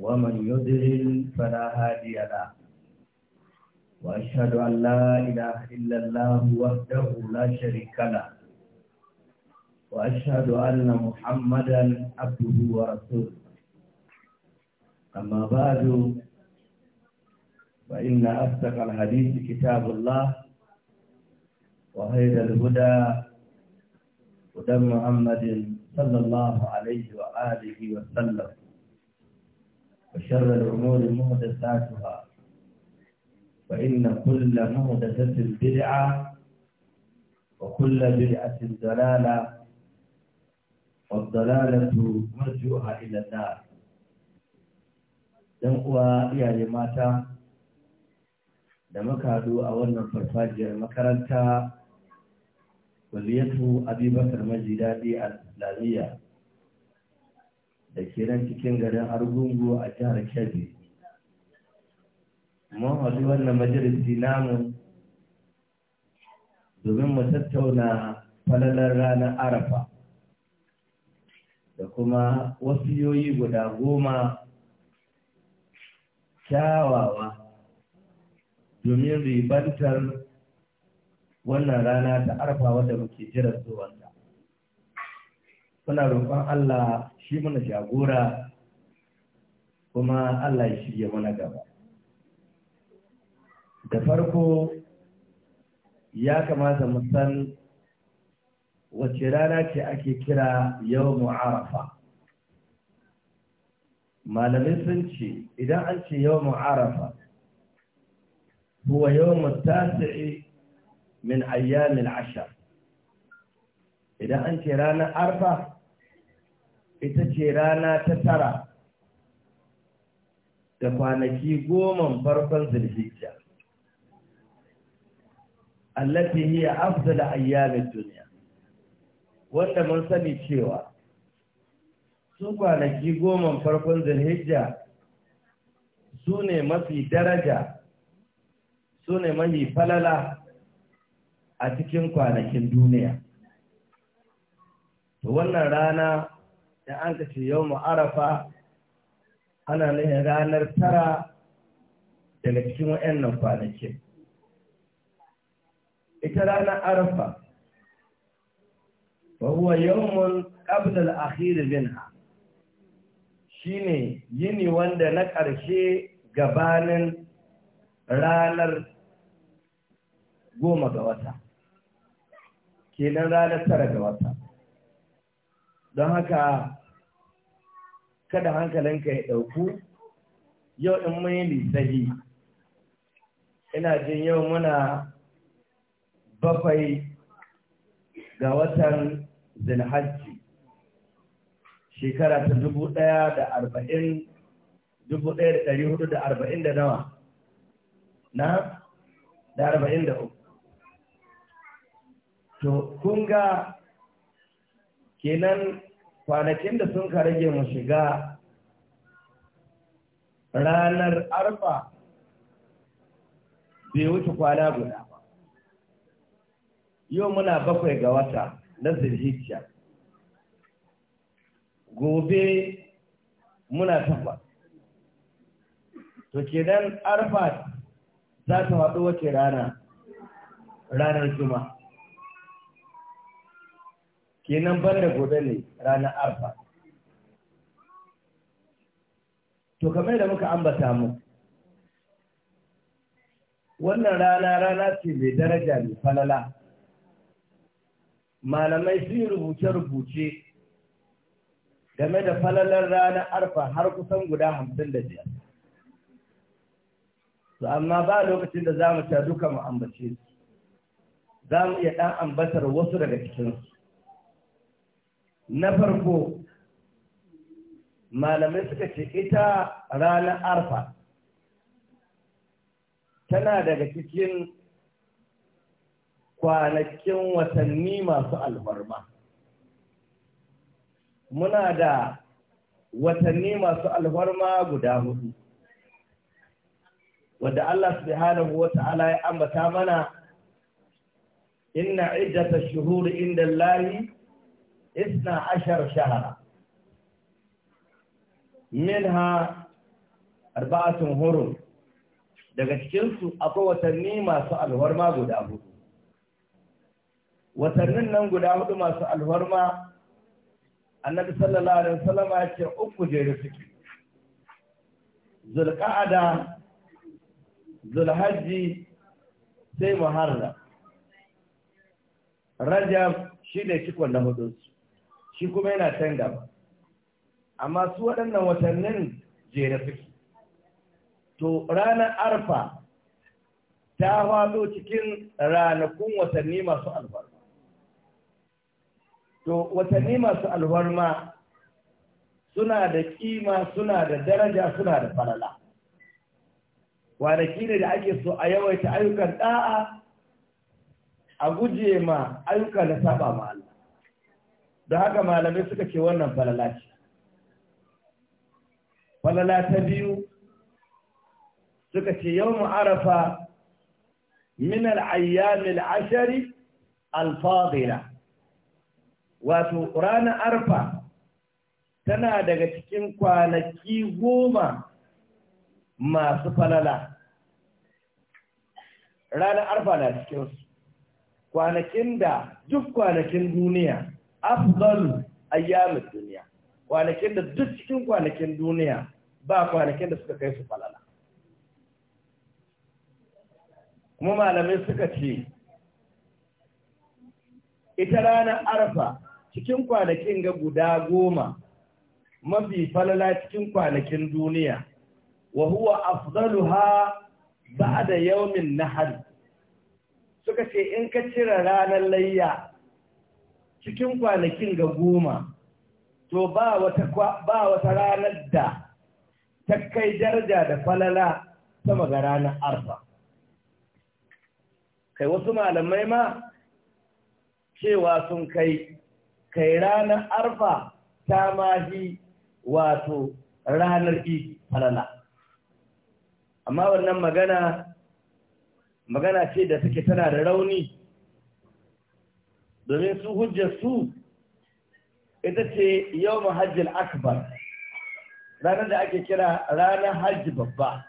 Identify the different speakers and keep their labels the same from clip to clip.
Speaker 1: ومن يضلل فلا هادي له وأشهد أن لا إله إلا الله وحده لا شريك له وأشهد أن محمدا عبده ورسوله أما بعد فإن أصدق الحديث كتاب الله وخير الهدى هدى محمد صلى الله عليه وآله وسلم وشر الأمور محدثاتها فإن كل محدثة بدعة وكل بدعة ضلالة والضلالة مرجوها إلى النار dan uwa iyaye mata da muka haɗu a wannan farfajiyar makaranta waliyatu abubakar daɗi a islamiyya da ke cikin garin argungu a jihar kebbi mun haɗu wannan majalisi namu domin mu tattauna falalar ranar arafa da kuma wasu yoyi guda goma kyawawa domin ribantar wannan rana ta arfa wadda muke jiran zuwanta muna roƙon Allah shi mana jagora kuma Allah ya shirya mana gaba da farko ya kamata mu san wace rana ce ake kira yau mu'arafa malamai sun ce idan an ce yau mu'arafa huwa yau mutasi'i min ayyamin ashar idan an ce ranar arfa ita ce rana ta tara da kwanaki goman farkon zulhijja allati hiya da ayyamin duniya wanda mun sani cewa su kwanaki goman farkon zulhijja su ne mafi daraja su ne mafi falala a cikin kwanakin duniya wannan rana da an ka ce yau arafa ana nuna ranar tara daga cikin wa'annan kwanakin ita ranar arafa wa huwa yawmun qabla al Ha, minha ne yini wanda na ƙarshe gabanin ranar goma ga wata kenan ranar tara ga wata don haka kada hankalinka ya ɗauku yau in mun yi lissahi ina jin yau muna bakwai ga watan zinhajji shekara ta dubu ɗaya da arba'in dubu ɗaya da ɗari hudu da arba'in da nawa na da arba'in da uku to kun ga kenan kwanakin da sun ka rage mu shiga ranar arfa bai wuce kwana guda ba yau muna bakwai ga wata na zirhijiya gobe muna takwas to kenan arfa za ta haɗu wace rana ranar juma'a kenan ban da gobe ne ranar arfa to kamar da muka ambata mu wannan rana rana ce mai daraja mai falala malamai sun rubuce-rubuce game da falalar ranar arfa har kusan guda hamsin da biyar to amma ba lokacin da za mu sha duka mu ambace su za mu iya ɗan ambatar wasu daga cikinsu na farko malamai suka ce ita ranar arfa tana daga cikin kwanakin watanni masu alfarma muna da watanni masu alfarma guda hudu wadda Allah subhanahu wa ta'ala ya ambata mana inna iddata shuhuri inda Allahi اثنا عشر شهرا منها أربعة هرم daga cikinsu akwai watanni masu alwarma guda hudu watannin nan guda hudu masu alwarma annabi sallallahu alaihi wasallam ya ce uku jere suke zulqa'ada zulhajji sai muharram rajab shine cikon na hudu shi kuma yana can gaba amma su waɗannan watannin jere suke to ranar arfa ta hwalo cikin ranakun watanni masu alfarma to watanni masu alfarma suna da kima suna da daraja suna da falala kwanaki ne da ake so a yawaita ayyukan da'a a guje ma ayyuka da saba ma'ala da haka malamai suka ce wannan falala ce falala ta biyu suka ce yau arafa min al'ayyamil ashari alfadila wato ranar arfa tana daga cikin kwanaki goma masu falala ranar arfa na cikinsu kwanakin da duk kwanakin duniya afdal ad duniya kwanakin da duk cikin kwanakin duniya ba kwanakin da suka kai su falala kuma malamai suka ce ita ranar arfa cikin kwanakin ga guda goma mafi falala cikin kwanakin duniya wa huwa afdaluha ba'da yawmin nahar suka ce in ka cire ranar layya cikin kwanakin ga goma to ba wata ranar da ta kai daraja da falala sama ga ranar arfa kai wasu malamai ma cewa sun kai kai ranar arfa ta mafi wato ranar idi falala amma wannan magana magana ce da take tana da rauni domin su hujjar su ita ce yau mahajjil akbar ranar da ake kira ranar hajji babba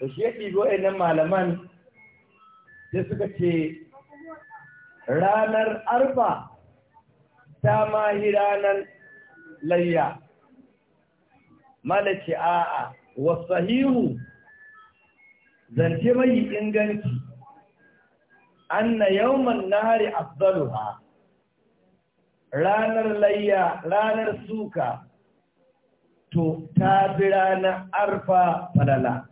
Speaker 1: da shi ya ɗigo malaman sai suka ce ranar arba ta mahi ranar layya malace a'a wasu sahihu zance mai inganci anna yawman nahari afdaluha ranar layya ranar suka to ta bi ranar arfa falala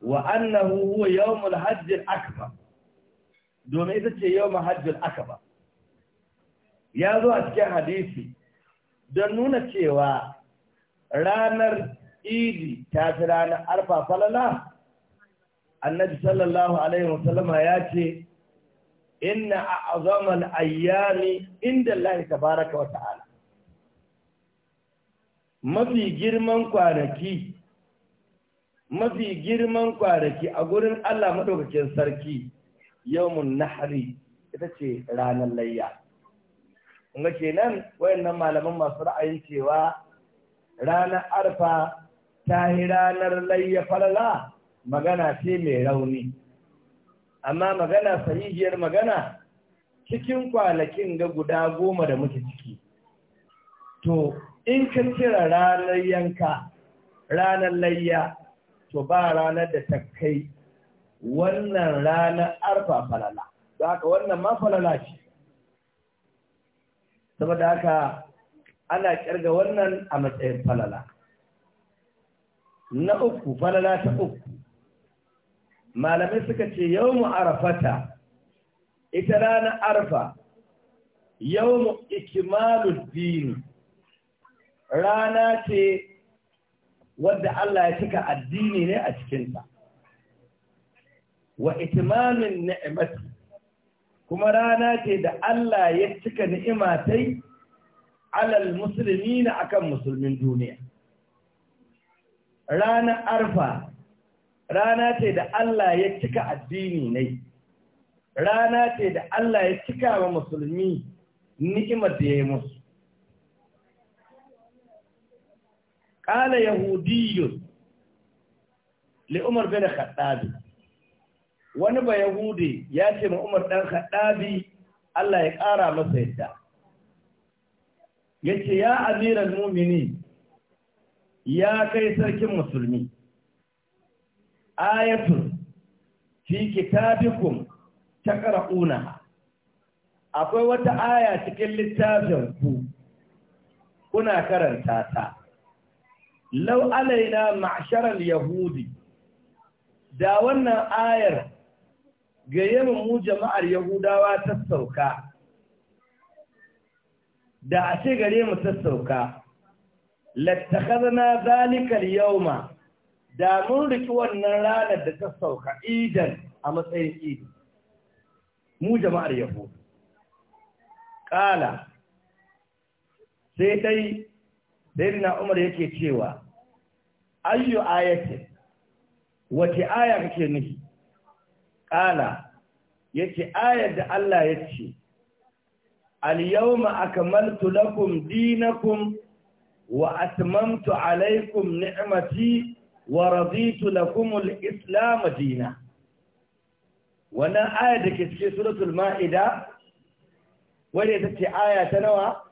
Speaker 1: wa annahu huwa yawmul hajjil akbar domin ita ce yawmul hajjil akbar ya zo a cikin hadisi don nuna cewa ranar idi ta fi ranar arfa falala annabi sallallahu alaihi wasallama ya ce inna al ayyami inda Allah tabaaraka wa ta'ala mafi girman kwanaki mafi girman kwanaki a gurin Allah madaukakin sarki yawmun nahri ita ce ranar layya kuma kenan wayannan malaman masu ra'ayin cewa ranar arfa ta yi ranar layya falala magana ce mai rauni amma magana sahihiyar magana cikin kwanakin ga guda goma da muke ciki to in ka kira ranar yanka ranar layya to ba ranar da ta kai wannan ranar arfa falala da haka wannan ma falala ce saboda haka ana kirga wannan a matsayin falala na uku falala ta uku malamai suka ce yawmu arafata ita rana arfa yawmu ikmalul dini rana ce wadda Allah ya cika addini ne a cikinta wa itimamin ni'imati kuma rana ce da Allah ya cika ni'imatai alal musulmi na akan musulmin duniya ranar arfa rana ce da Allah ya cika addini ne rana ce da Allah ya cika wa musulmi ni'imar da ya yi musu Ƙala يهودي li'umar bin الخطاب wani ba yahudi ya ce ma umar dan khaddabi Allah ya ƙara masa yadda Ya ce ya aziran mumini ya kai sarkin musulmi ayatun fi kitabikum taqra'una akwai wata aya cikin littafin ku kuna karanta ta law alaina ma'sharal yahudi da wannan ayar ga mu jama'ar yahudawa ta sauka da a ce gare mu ta sauka lattakhadna zalikal yawma da mun riki wannan ranar da ta sauka idan a matsayin idi mu jama'ar yahudu ƙala sai dai dai umar yake cewa ayyu ayati wace aya kake nufi ƙala yace ayar da Allah yace ce al-yawma akmaltu lakum dinakum wa atmamtu alaykum ni'mati wa raditu lakumul islam dina wannan aya da ke cikin suratul ma'ida wanda take aya ta nawa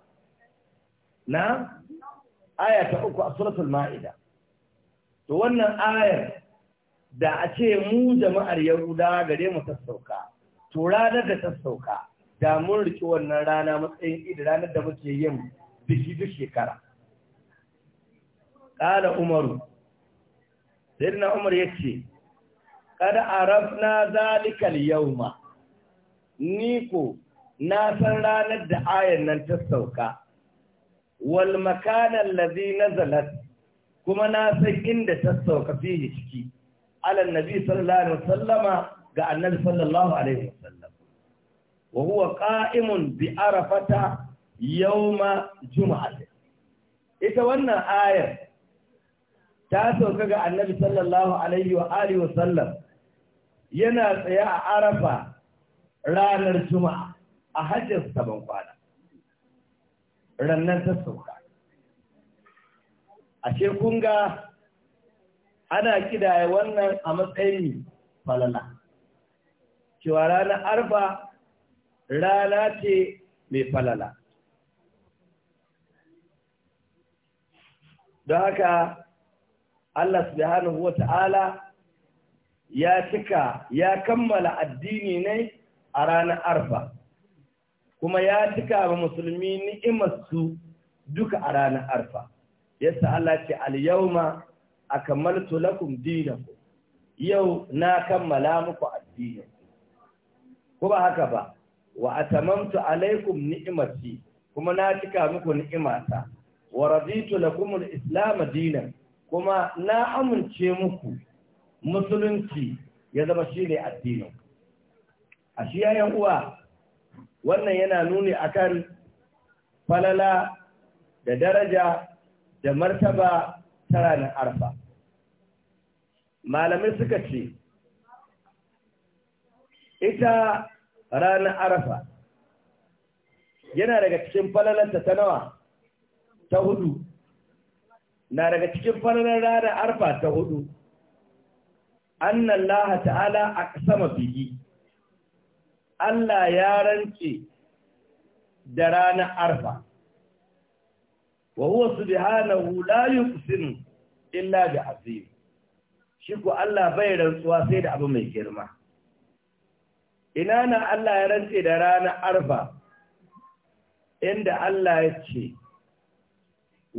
Speaker 1: na aya ta uku a suratul ma'ida to wannan ayar da a ce mu jama'ar yahuda gare mu ta to ranar da tasauka da mun riki wannan rana matsayin idi ranar da muke yin biki duk shekara ƙala umaru na umar yace qad arafna zalikal yauma, ni niko na san ranar da ayan nan ta sauka wal makana na zalat kuma na san inda ta sauka fiye ciki alal nabi sallallahu alaihi wasallama ga annabi sallallahu alaihi wasallam wa huwa qa'imun bi arafata yawma jum'ah ita wannan ayar ta sauka ga annabi sallallahu alaihi wa alihi wa sallam yana tsaye a arafa ranar juma'a a hajjar saban kwana rannan ta sauka ashe kun ga ana kidaye wannan a matsayin falala cewa ranar arfa rana ce mai falala don haka Allah subhanahu wa ta'ala ya cika ya kammala addini ne a ranar arfa kuma ya cika wa musulmi ni'imarsu duka a ranar arfa yasa Allah ce al-yawma akamaltu lakum dinakum yau na kammala muku addini ko ba haka ba wa atamamtu alaikum ni'imati kuma na cika muku ni'imata wa raditu lakum al-islam dinan kuma na amince muku musulunci ya zama shi ne addinin a shi yayin uwa wannan yana nuni akan falala da daraja da martaba ta ranar arfa malamai suka ce ita ranar arfa yana daga cikin falalanta ta nawa ta hudu na daga cikin falalar ranar arfa ta hudu annan laha ta'ala a sama biyi Allah ya rance da ranar arfa wa huwa wula la kusin illa ga azim shi ku Allah bai rantsuwa sai da abu mai girma ina na Allah ya rantse da ranar arfa inda Allah ya ce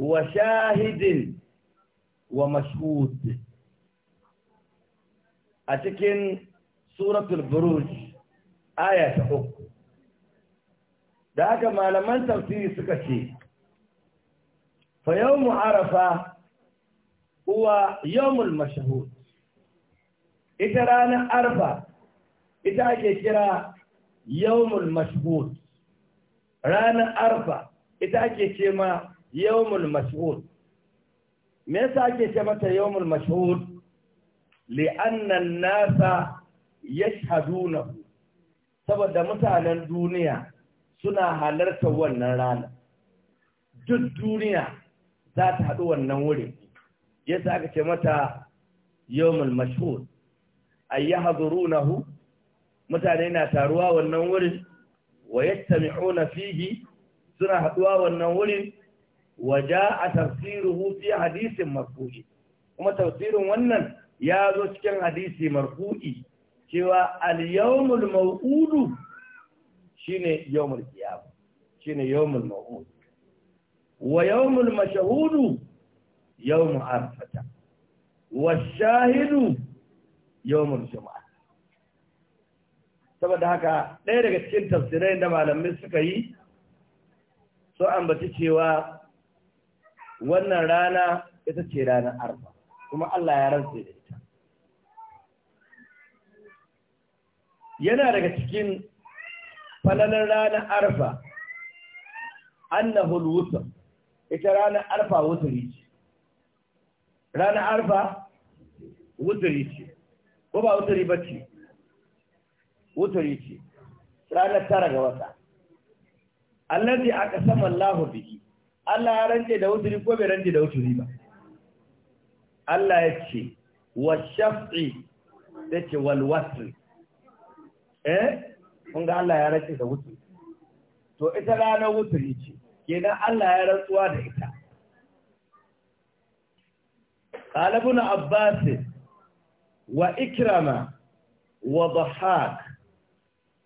Speaker 1: wa shahidin wa mashhud a cikin suratul buruj aya ta uku da haka malaman tafsiri suka ce fa yawmu arafa huwa yawmul mashhud ita ranar arfa ita ake kira yawmul mashhud ranar arfa ita ake ce ma yawmul mashhud me yasa ake ce mata yawmul mashhud anna an-nasa yashhadunahu saboda mutanen duniya suna halartar wannan rana duk duniya za ta haɗu wannan wurin yasa aka ce mata yawmul mashhud ayyahdurunahu mutane na taruwa wannan wurin wa yattami'una fihi suna haɗuwa wannan wurin وجاء تفسيره في حديث مرفوع kuma tafsirin wannan ya zo cikin hadisi marfu'i cewa al-yawmul maw'ud shine yawmul qiyam shine yawmul maw'ud wa yawmul mashhud yawm arfata wa shahidu yawmul jum'a saboda haka ɗaya daga cikin tafsirai da malamai suka yi so ambaci cewa wannan rana ita ce ranar arfa kuma Allah ya rantse da ita yana daga cikin falalar ranar arfa annahul wutar ita ranar arfa wutari ce ranar arfa wutari ce ko ba wutari ba ce wutari ce ranar tara ga wata allazi aka sama Allahu bihi Allah ya rance da wuturi ko bai rance da wuturi ba Allah ya ce wa shaf'i da ce wal eh kun ga Allah ya rance da wuturi to ita ranar wuturi ce kenan Allah ya rantsuwa da ita Abbas wa عباس wa وضحاك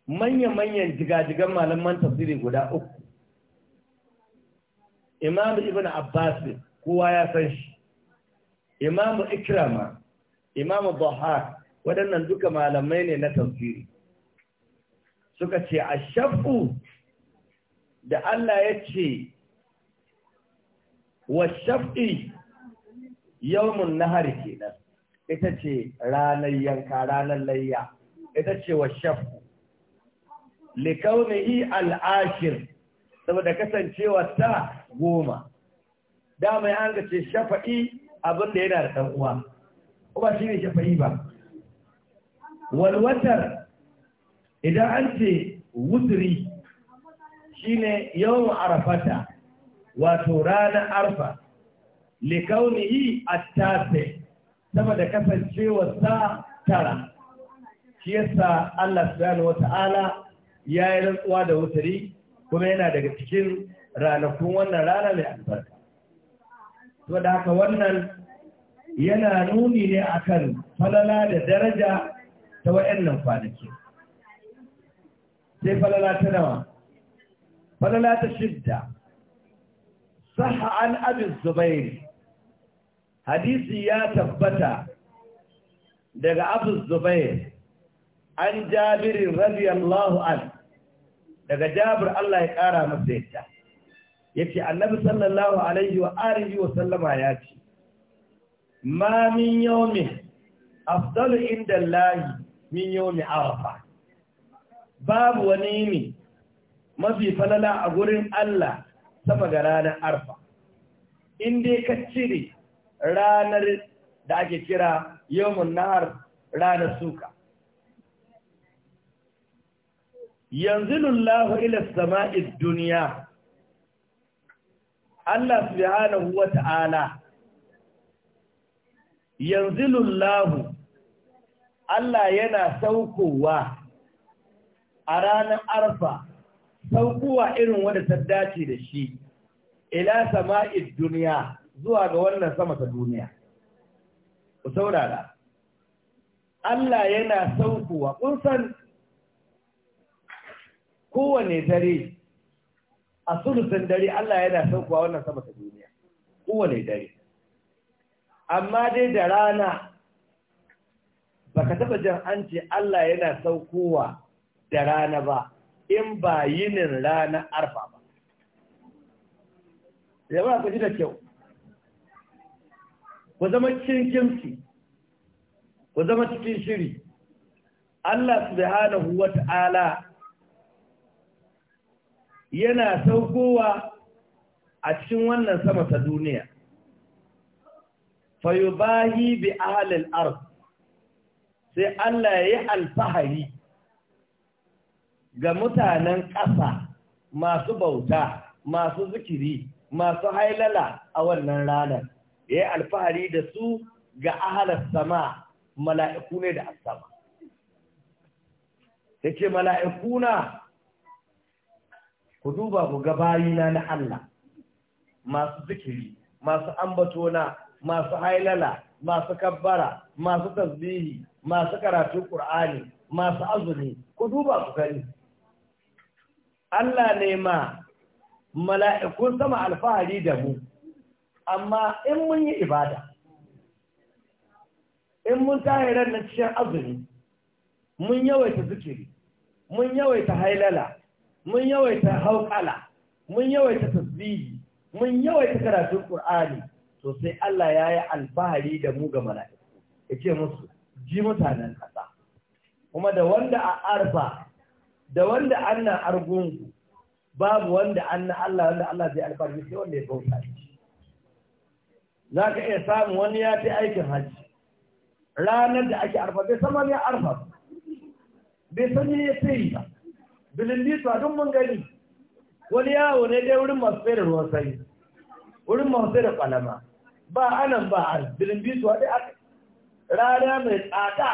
Speaker 1: manya-manyan jigajigan malaman tafsiri guda uku imamu ibn abbas kowa ya san shi imamu ikrama imamu buha waɗannan duka malamai ne na tafsiri suka ce a shafu da Allah ya ce wa shafi yawmun nahari kenan ita ce ranar yanka ranar layya ita ce wa shafu likaunihi al'ashir saboda kasancewa ta goma dama ya an ce shafa'i abinda yana da ɗan uwa kuma shi ne shafa'i ba walwatar idan an ce wuturi shi ne yawan arafata wato ranar arfa yi a tafe sama da kasancewa sa tara shi yasa Allah subhanahu wata'ala ya yi rantsuwa da wuturi kuma yana daga cikin ranakun wannan rana mai albarka to da haka wannan yana nuni ne akan falala da daraja ta wayannan kwanaki sai falala ta nawa falala ta shidda sahha an abin zubairi hadisi ya tabbata daga abu zubair an jabirin radiyallahu an daga jabir Allah ya ƙara masa yadda yace annabi sallallahu alaihi wa alihi wa sallama ya ce ma min yawmi afdalu inda llahi min yawmi arafa babu wani ne mafi falala a gurin Allah sama ga ranar arfa in ka cire ranar da ake kira yawmun nahar ranar suka yanzu lullahu ila sama'id duniya Allah subhanahu wa ta'ala yanzu lullahu. Allah yana saukowa a ranar arfa saukowa irin wadda ta dace da shi ila sama'id duniya zuwa ga wannan sama ta duniya ku saurara Allah yana saukowa kun san kowane dare a sulusun dare Allah yana saukowa wannan sama ta duniya kowane dare amma dai da rana baka taba jan an ce Allah yana saukowa da rana ba in ba yinin rana arfa ba yaba ku ji da kyau ku zama cikin kimsi ku zama cikin shiri Allah subhanahu wata'ala yana saukowa a cikin wannan sama ta duniya fayubahi bi ahlil ard sai Allah ya yi alfahari ga mutanen ƙasa masu bauta masu zikiri masu hailala a wannan ranar ya yi alfahari da su ga ahalar sama mala'iku ne da asama ya mala'ikuna ku duba ku ga bayina na Allah masu zikiri masu ambatona masu hailala masu kabbara masu tasbihi masu karatu Kur'ani, masu azumi ku duba ku gani Allah ne ma mala'ikun sama alfahari da mu amma in mun yi ibada in mun tahirar na cikin azumi mun yawaita zikiri mun yawaita hailala mun yawaita hauƙala mun yawaita tasbihi mun yawaita karatun qur'ani to sai Allah ya yi alfahari da mu ga mala'iku yace musu ji mutanen kasa. kuma da wanda a arfa da wanda anna argungu babu wanda anna Allah wanda Allah zai alfahari sai wanda ya bauta shi zaka iya samu wani ya ta aikin haji ranar da ake arfa bai san ya arfa bai san ya yi ba bilindito a don mun gani wani yawo ne dai wurin masu fere da ruwan sanyi wurin masu fere da kwalama ba anan ba an bilindito a dai aka rana mai tsada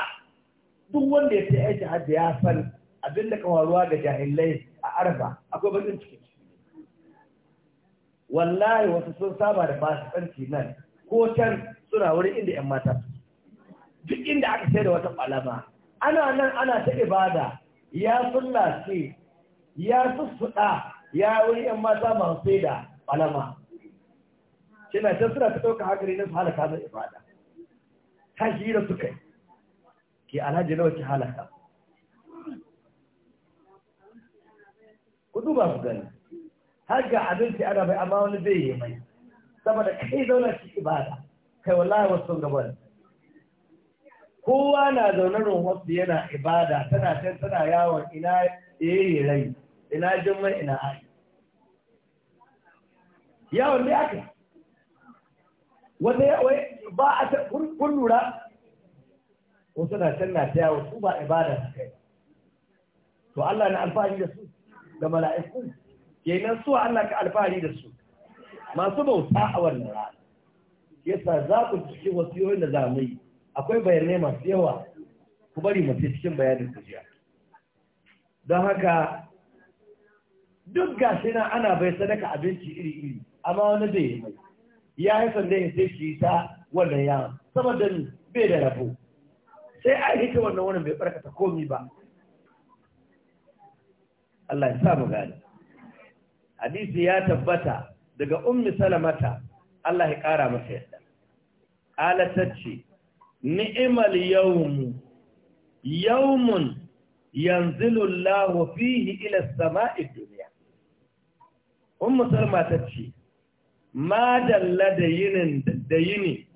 Speaker 1: duk wanda ya sai aiki hajji ya san abin da kawaruwa ga jahilai a arba akwai bakin ciki wallahi wasu sun saba da basu fasikanci nan ko can suna wurin inda 'yan mata duk inda aka sai da wata kwalama ana nan ana ta ibada ya sullace ya sussuɗa ya wuri ‘yan mata masu sai da ƙwalama shina can suna ta ɗauka hankali na su halaka zai ibada ta shi da suka yi ke alhaji na wace halaka kudu ba su gani har ga abinci ana bai amma wani zai yi mai saboda kai zauna shi ibada kai wallahi wasu gabar kowa na zaune wasu yana ibada tana can tana yawon ina yayi rai ina jimma ina ai yawon ne aka wata yawai ba a ta kun lura wasu na can na ta yawon su ba ibada su kai to Allah na alfahari da su ga mala'iku kenan su Allah ka alfahari da su masu bauta a wannan rana yasa za ku ci wasu yoyin da za mu yi akwai bayanai masu yawa ku bari mu cikin bayanin kujiya don haka duk gashi na ana bai sadaka abinci iri-iri amma wani zai yi mai ya yi sanda ya sai shi ta wannan yawon saboda bai da rabo sai a yi ta wannan wannan bai barkata komi ba Allah ya sa mu gani hadisi ya tabbata daga ummi salamata Allah ya kara masa yadda alatacce ni'mal yawmu yawmun yanzilu Allah fihi ila samai dunya ummu salma tace ma dalla da yinin da yini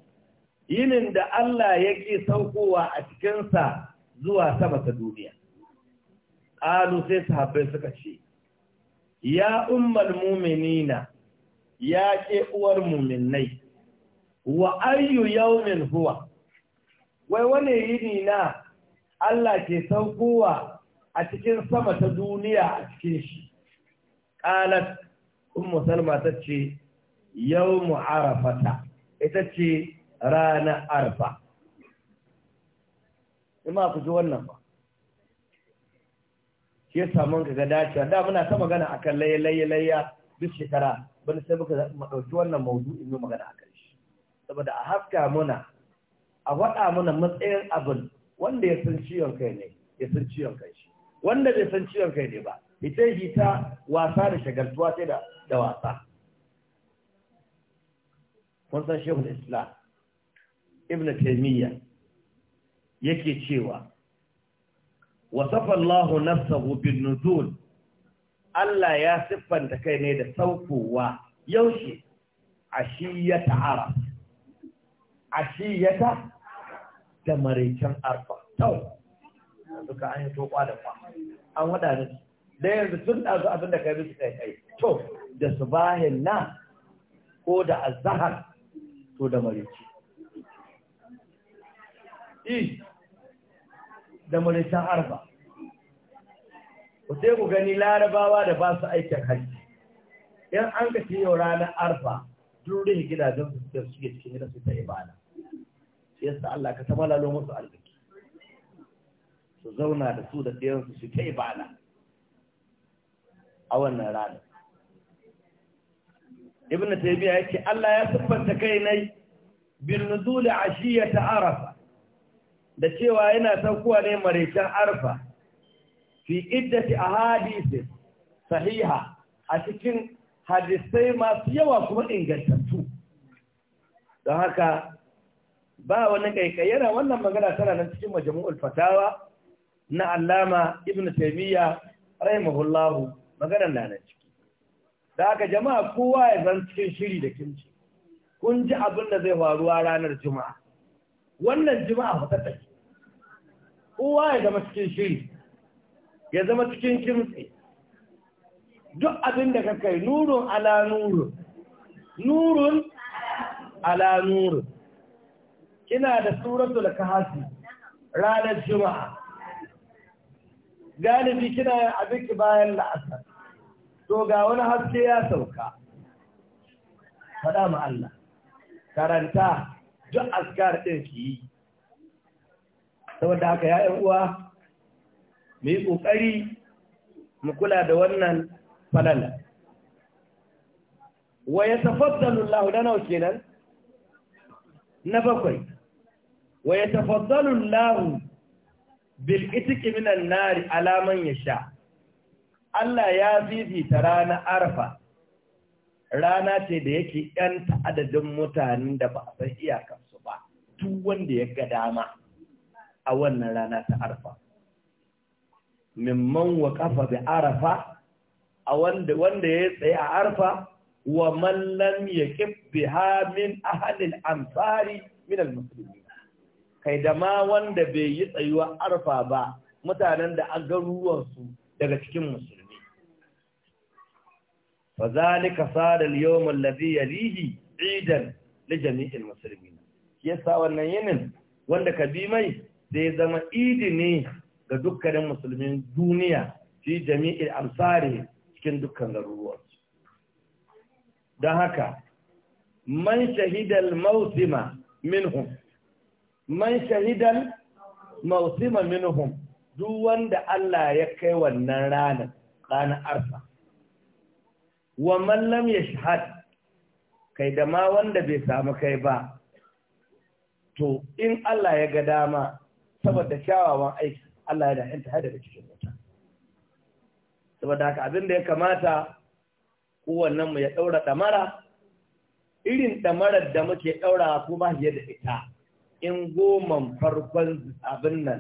Speaker 1: yinin da Allah yake saukowa a cikin sa zuwa sama ta duniya qalu sai sahabbai suka ce ya ummal mu'minina ya ke uwar mu'minnai wa ayyu yawmin huwa wai wane yini na Allah ke saukowa a cikin sama ta duniya a cikin shi qalat ummu salma ce yawmu arafata ita ce rana arfa ima ku ji wannan ba Ke ya ka ga dacewa da muna ta magana akan laye laye layya duk shekara bani sai muka ɗauki wannan in mu magana akan shi saboda a haska muna a faɗa mana matsayin abin wanda ya san ciwon kai ne ya san ciwon kai shi wanda bai san ciwon kai ne ba ita yi ta wasa da shagaltuwa sai da da wasa kun san shehu islam ibn taymiyya yake cewa wasafa Allah nafsahu bin nuzul Allah ya siffanta kai ne da saukowa yaushe ashiyata arab ashiyata da maraicen arfa tau suka an yi tokwa da kwa an wada ne, da yanzu tun ɗazu abin da kai bisu kai kai to da su bahin na ko da azahar to da maraici i da maraicen arfa ku sai ku gani larabawa da ba su aikin hajji yan an ka ce yau ranar arfa duk rihin gidajen su suke cikin rasu su ta ibada yasa Allah ka tamalalo musu arziki su zauna da su da ɗayansu su kai ibada a wannan rana ibn taymiya yake Allah ya siffanta kai nai bin nuzul ta arafa da cewa yana saukuwa ne maraitan arfa fi iddati ahadith sahiha a cikin hadisai masu yawa kuma ingantattu don haka ba wani Yana wannan magana tana nan cikin majmu'ul fatawa na allama ibn taymiya rahimahullahu maganar na nan ciki da aka jama'a kowa ya zan cikin shiri da kimci kun ji abin da zai faru ranar juma'a wannan juma'a fata take kowa ya zama cikin shiri ya zama cikin kimtsi duk abin da ka kai nurun ala nurun nurun ala nurun kina da da kahfi ranar juma'a galibi kina yin abinki bayan la'asar to ga wani haske ya sauka faɗa ma Allah karanta duk askar ɗin ki yi saboda haka ya uwa mu yi ƙoƙari mu kula da wannan falala wa ya tafaddalu Allah da nawa kenan na bakwai Wai ya tafaddalu lahu minan nari alaman ya sha Allah ya fifita rana rana ce da yake ‘yanta adadin mutanen da ba a san iyakansu ba duk wanda ya ga dama a wannan rana ta arfa mimman wa kafa bi arafa a wanda wanda ya tsaye a arfa wa mallam ya yaqib biha min ahli al min al-muslimin kai da ma wanda bai yi tsayuwa arfa ba mutanen da an garuruwansu daga cikin musulmi fa zalika sada al-yawm alladhi yalihi idan li jami'il muslimin yasa wannan yinin wanda ka bi mai zai zama idi ne ga dukkanin musulmin duniya fi jami'in amsari cikin dukkan garuruwansu don haka man shahidal mausima minhum man shahidan mausima minuhum duk wanda Allah ya kai wannan ranar ranar arsa wa man lam yashhad kai da ma wanda bai samu kai ba to in Allah ya ga dama saboda kyawawan aiki Allah ya da yanta da cikin wuta saboda haka abin da ya kamata kowannen mu ya daura damara irin damarar da muke daura kuma ba da ita in goman farkon abin nan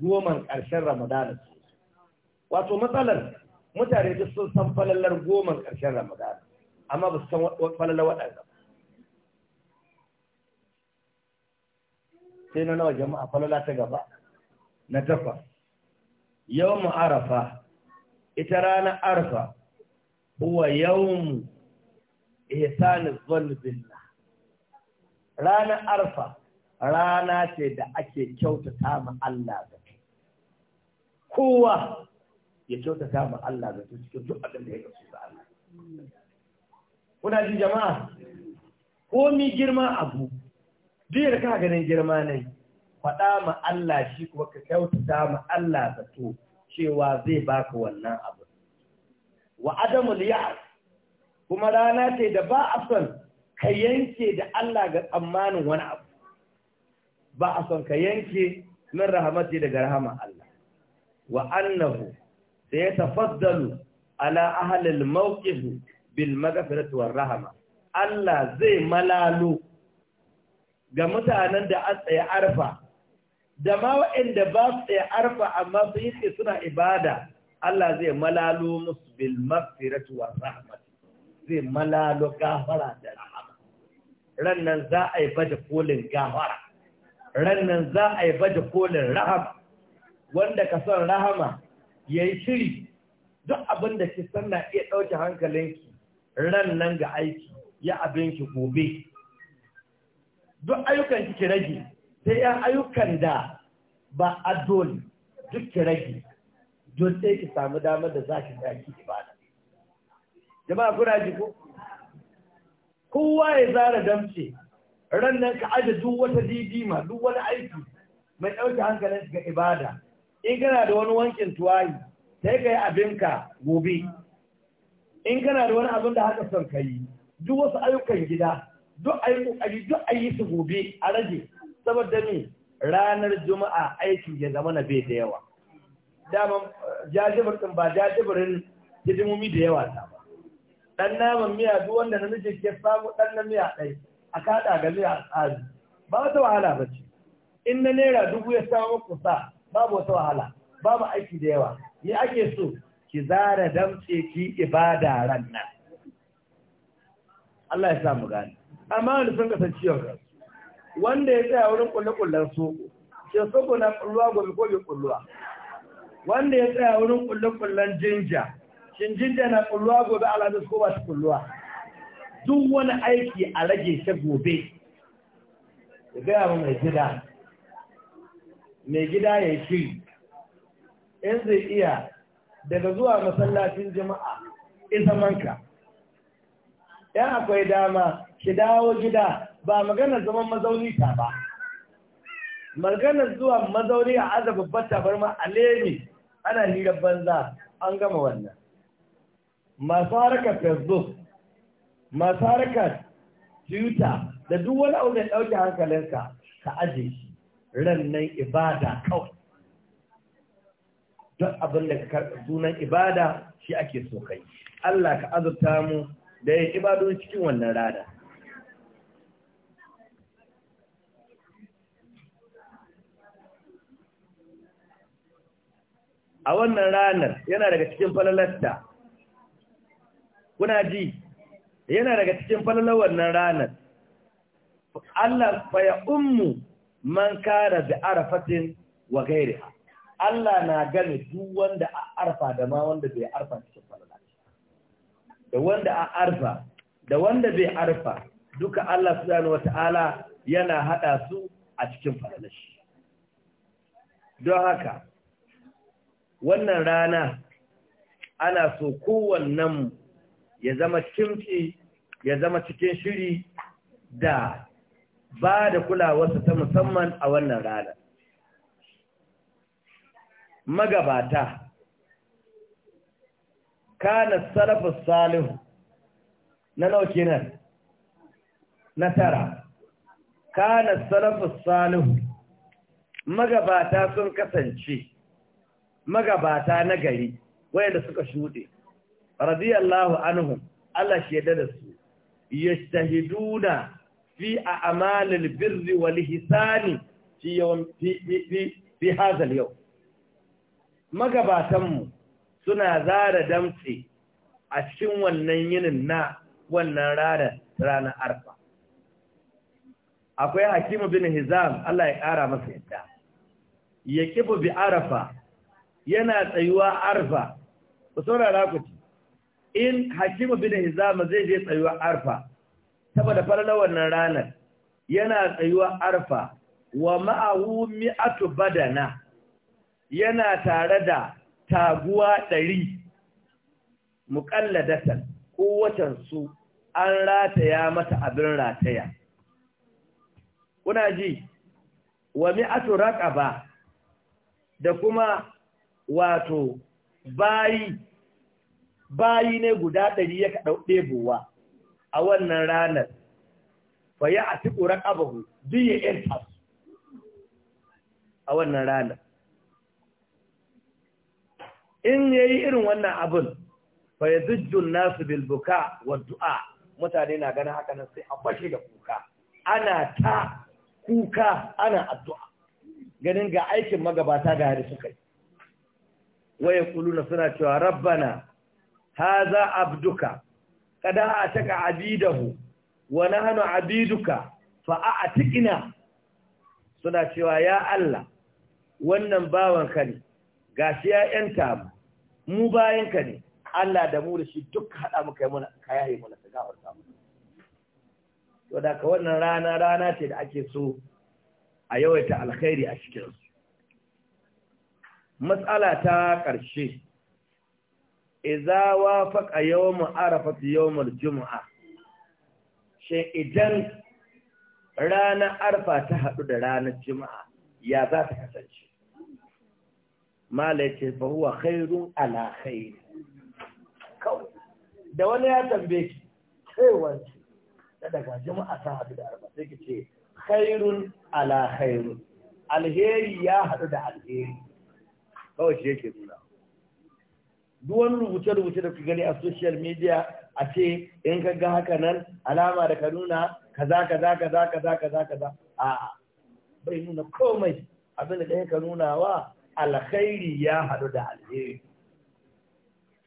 Speaker 1: goman ƙarshen ramadana wato matsalar mutane duk sun san falalar goman ƙarshen ramadana amma ba su san falalar waɗanda sai na nawa jama'a falala ta gaba na takwas mu arafa ita ranar arafa huwa yawon ihsanin zon billah ranar arfa. rana ce da ake kyautata ma Allah zato kowa ya kyautata ma Allah zato cikin duk abin da ya kasu ga Allah kuna ji jama'a ko mi girma abu duk ka ganin girma ne faɗa ma Allah shi kuma ka kyautata ma Allah zato cewa zai baka wannan abu wa adamu ya'as kuma rana ce da ba a son ka yanke da Allah ga tsammanin wani abu ba a son ka yanke min rahamati daga rahama Allah wa annahu sai ya tafaddalu ala ahlil mawqif bil maghfirati war rahama Allah zai malalo ga mutanen da an tsaye arfa da ma waɗanda ba su tsaye arfa amma sun yi suna ibada Allah zai malalo musu bil maghfirati war rahama. zai malalo gafara da rahama ran nan za a yi baje kolin gafara rannan za a yi baje kolin rahama wanda ka son rahama ya yi shiri duk abin da ki sannan na iya ɗauke hankalinki rannan ga aiki ya abinki gobe duk ayyukan ki rage sai yan ayyukan da ba a dole duk ki rage don sai ki samu damar da za ki daki ibada jama'a kuna ji ko kowa ya zara damce rannan ka aje duk wata didima duk wani aiki mai ɗauke hankalin ga ibada in kana da wani wankin tuwayi sai ka yi abinka gobe in kana da wani abin da haka son ka yi duk wasu ayyukan gida duk a yi duk a su gobe a rage saboda ne ranar juma'a aiki ya zama na bai da yawa dama eh, jajibar ɗin ba jajibarin hidimomi da yawa ta ba ɗan naman miya duk wanda na namijin ke samu ɗan na miya ɗai a kada ga zai al'adu ba wata wahala ba ce in na naira dubu ya samu kusa babu wata wahala babu aiki da yawa ni ake so ki zara damce ki ibada ran nan Allah ya sa mu gane amma wanda sun kasance yau ga wanda ya tsaya wurin kulle-kullen soko ke soko na kulluwa gobe ko bai kulluwa wanda ya tsaya wurin kulle-kullen jinja shin jinja na kulluwa gobe alhamis ko ba su kulluwa duk wani aiki a rage ta gobe ya gaya wa mai gida mai gida ya shiri in zai iya daga zuwa masallacin jama'a isa manka yan akwai dama ki dawo gida ba maganar zaman mazauni ta ba maganar zuwa mazauni a aza babbar tabarma a lemi ana hirar banza an gama wannan masu harkar facebook masu harkar tuta da duk wani abu da ɗauke hankalinka ka aje shi rannan ibada kawai don abin da ka sunan ibada shi ake so kai Allah ka azurta mu da yin ibado cikin wannan rana a wannan ranar yana daga cikin falalasta kuna ji yana daga cikin falalar wannan ranar Allah fa ya ummu man kana da arafatin wa gairiha Allah na gane duk wanda a arfa da ma wanda bai arfa cikin falala da wanda a arfa da wanda bai arfa duka Allah subhanahu wata'ala yana hada su a cikin falala shi don haka wannan rana ana so kowannen ya zama kimci ya zama cikin shiri da ba da kulawarsa ta musamman a wannan rana. Magabata, kana sarrafa salihu na nauke nan, na tara, kana sarrafa salihu magabata sun kasance, magabata na gari, wayanda suka shuɗe. radiyallahu anhum Allah shi yadda da su yastahiduna fi a'malil birri wal hisani fi yawm fi fi yau magabatan mu suna zara damtse a cikin wannan yinin na wannan rana ranar arfa akwai hakimu bin hizam Allah ya kara masa yadda ya bi arafa yana tsayuwa arfa ku saurara ku in hakimu bin hizama zai je tsayuwa arfa saboda falala wannan ranar yana tsayuwa arfa wa ma'ahu mi'atu badana yana tare da taguwa ɗari muƙalladatan su an rataya mata abin rataya kuna ji wa mi'atu ba, da kuma wato bayi bayi ne guda ɗari ya kaɗau ɗebowa a wannan ranar fa ya a ci ƙuran abahu duk ya ‘yanta su a wannan ranar in ya yi irin wannan abin fa ya zujjun nasu bilbuka wa du'a mutane na ganin haka nan sai a fashe da kuka ana ta kuka ana addu'a ganin ga aikin magabata ga yari suka yi waye kuluna suna cewa rabbana haza abduka kada a taka abidahu wa nahnu abiduka fa a'tikina suna cewa ya Allah wannan bawan ka ne gashi ya yanta mu bayan ka ne Allah da mu da shi duk hada muka yi muna ka yayi muna ka gawar to da ka wannan rana rana ce da ake so a yawaita alkhairi a cikin su matsala ta karshe. iza wafaqa yawm arafat yawm aljum'a shi idan ranar arfa ta hadu da ranar juma'a ya za ta kasance malai ce fa huwa khairun ala khair kaw da wani ya tambaye ki sai wani da daga juma'a ta hadu da arfa sai ki ce khairun ala khairun alheri ya hadu da alheri kawai shi yake nuna Wani rubuce-rubuce da ku gani a social media a ce in ka ga haka nan alama da ka nuna kaza kaza kaza kaza kaza kaza a bai nuna komai abin da ɗaya ka nuna wa alkhairi ya haɗu da alheri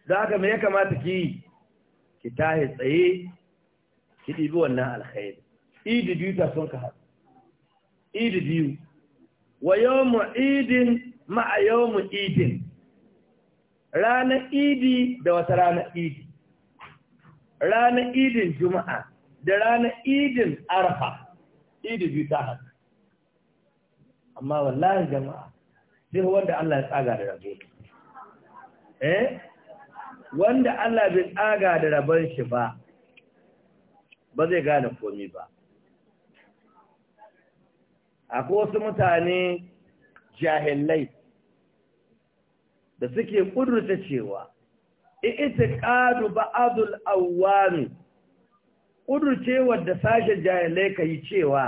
Speaker 1: da haka me ya kamata ki ki tahi tsaye ki ɗibi wannan alkhairi idi biyu ta sun ka haɗu idi biyu wa yawmu idin ma'a yawmu idin ranar idi da wata ranar idi ranar idin juma'a da ranar idin arfa idi biyu ta haka amma wallahi jama'a sai wanda Allah ya tsaga da rabo eh wanda Allah bai tsaga da rabon shi ba ba zai gane komai ba akwai wasu mutane jahilai da suke kudurta cewa i'tiqadu ba'dul awwami kudurce wadda sashen jahilai kai cewa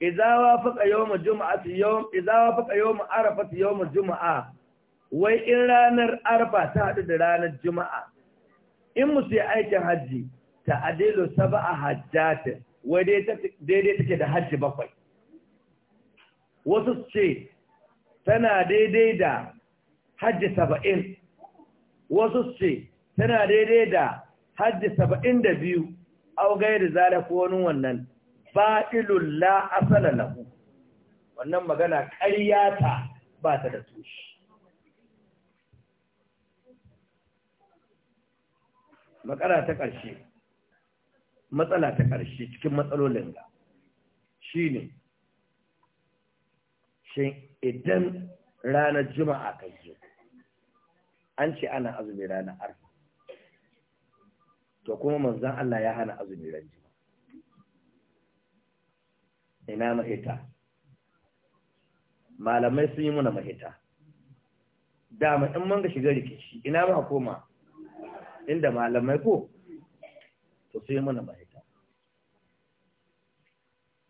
Speaker 1: idza wafaqa yawm jum'ati yawm idza Arafa yawm arafati juma'a wai in ranar arfa ta haɗu da ranar juma'a in mu aikin haji ta adilu sab'a hajjat wai daidai take da hajji bakwai wasu ce tana daidai da hajji saba'in wasu ce tana daidai da hajji saba'in da biyu augai da zalafi wani wannan fa’ilun la'asala lahu wannan magana ƙaryata ba ta da tushe matsala ta ƙarshe matsala ta ƙarshe cikin matsalolin ga shi ne shi idan ranar juma'a kai zo an ce ana azumi ranar arfa to kuma manzan Allah ya hana azumi ran juma ina mahita malamai sun yi muna mahita dama in manga shiga rikici ina ma koma inda malamai ko to sun yi muna mahita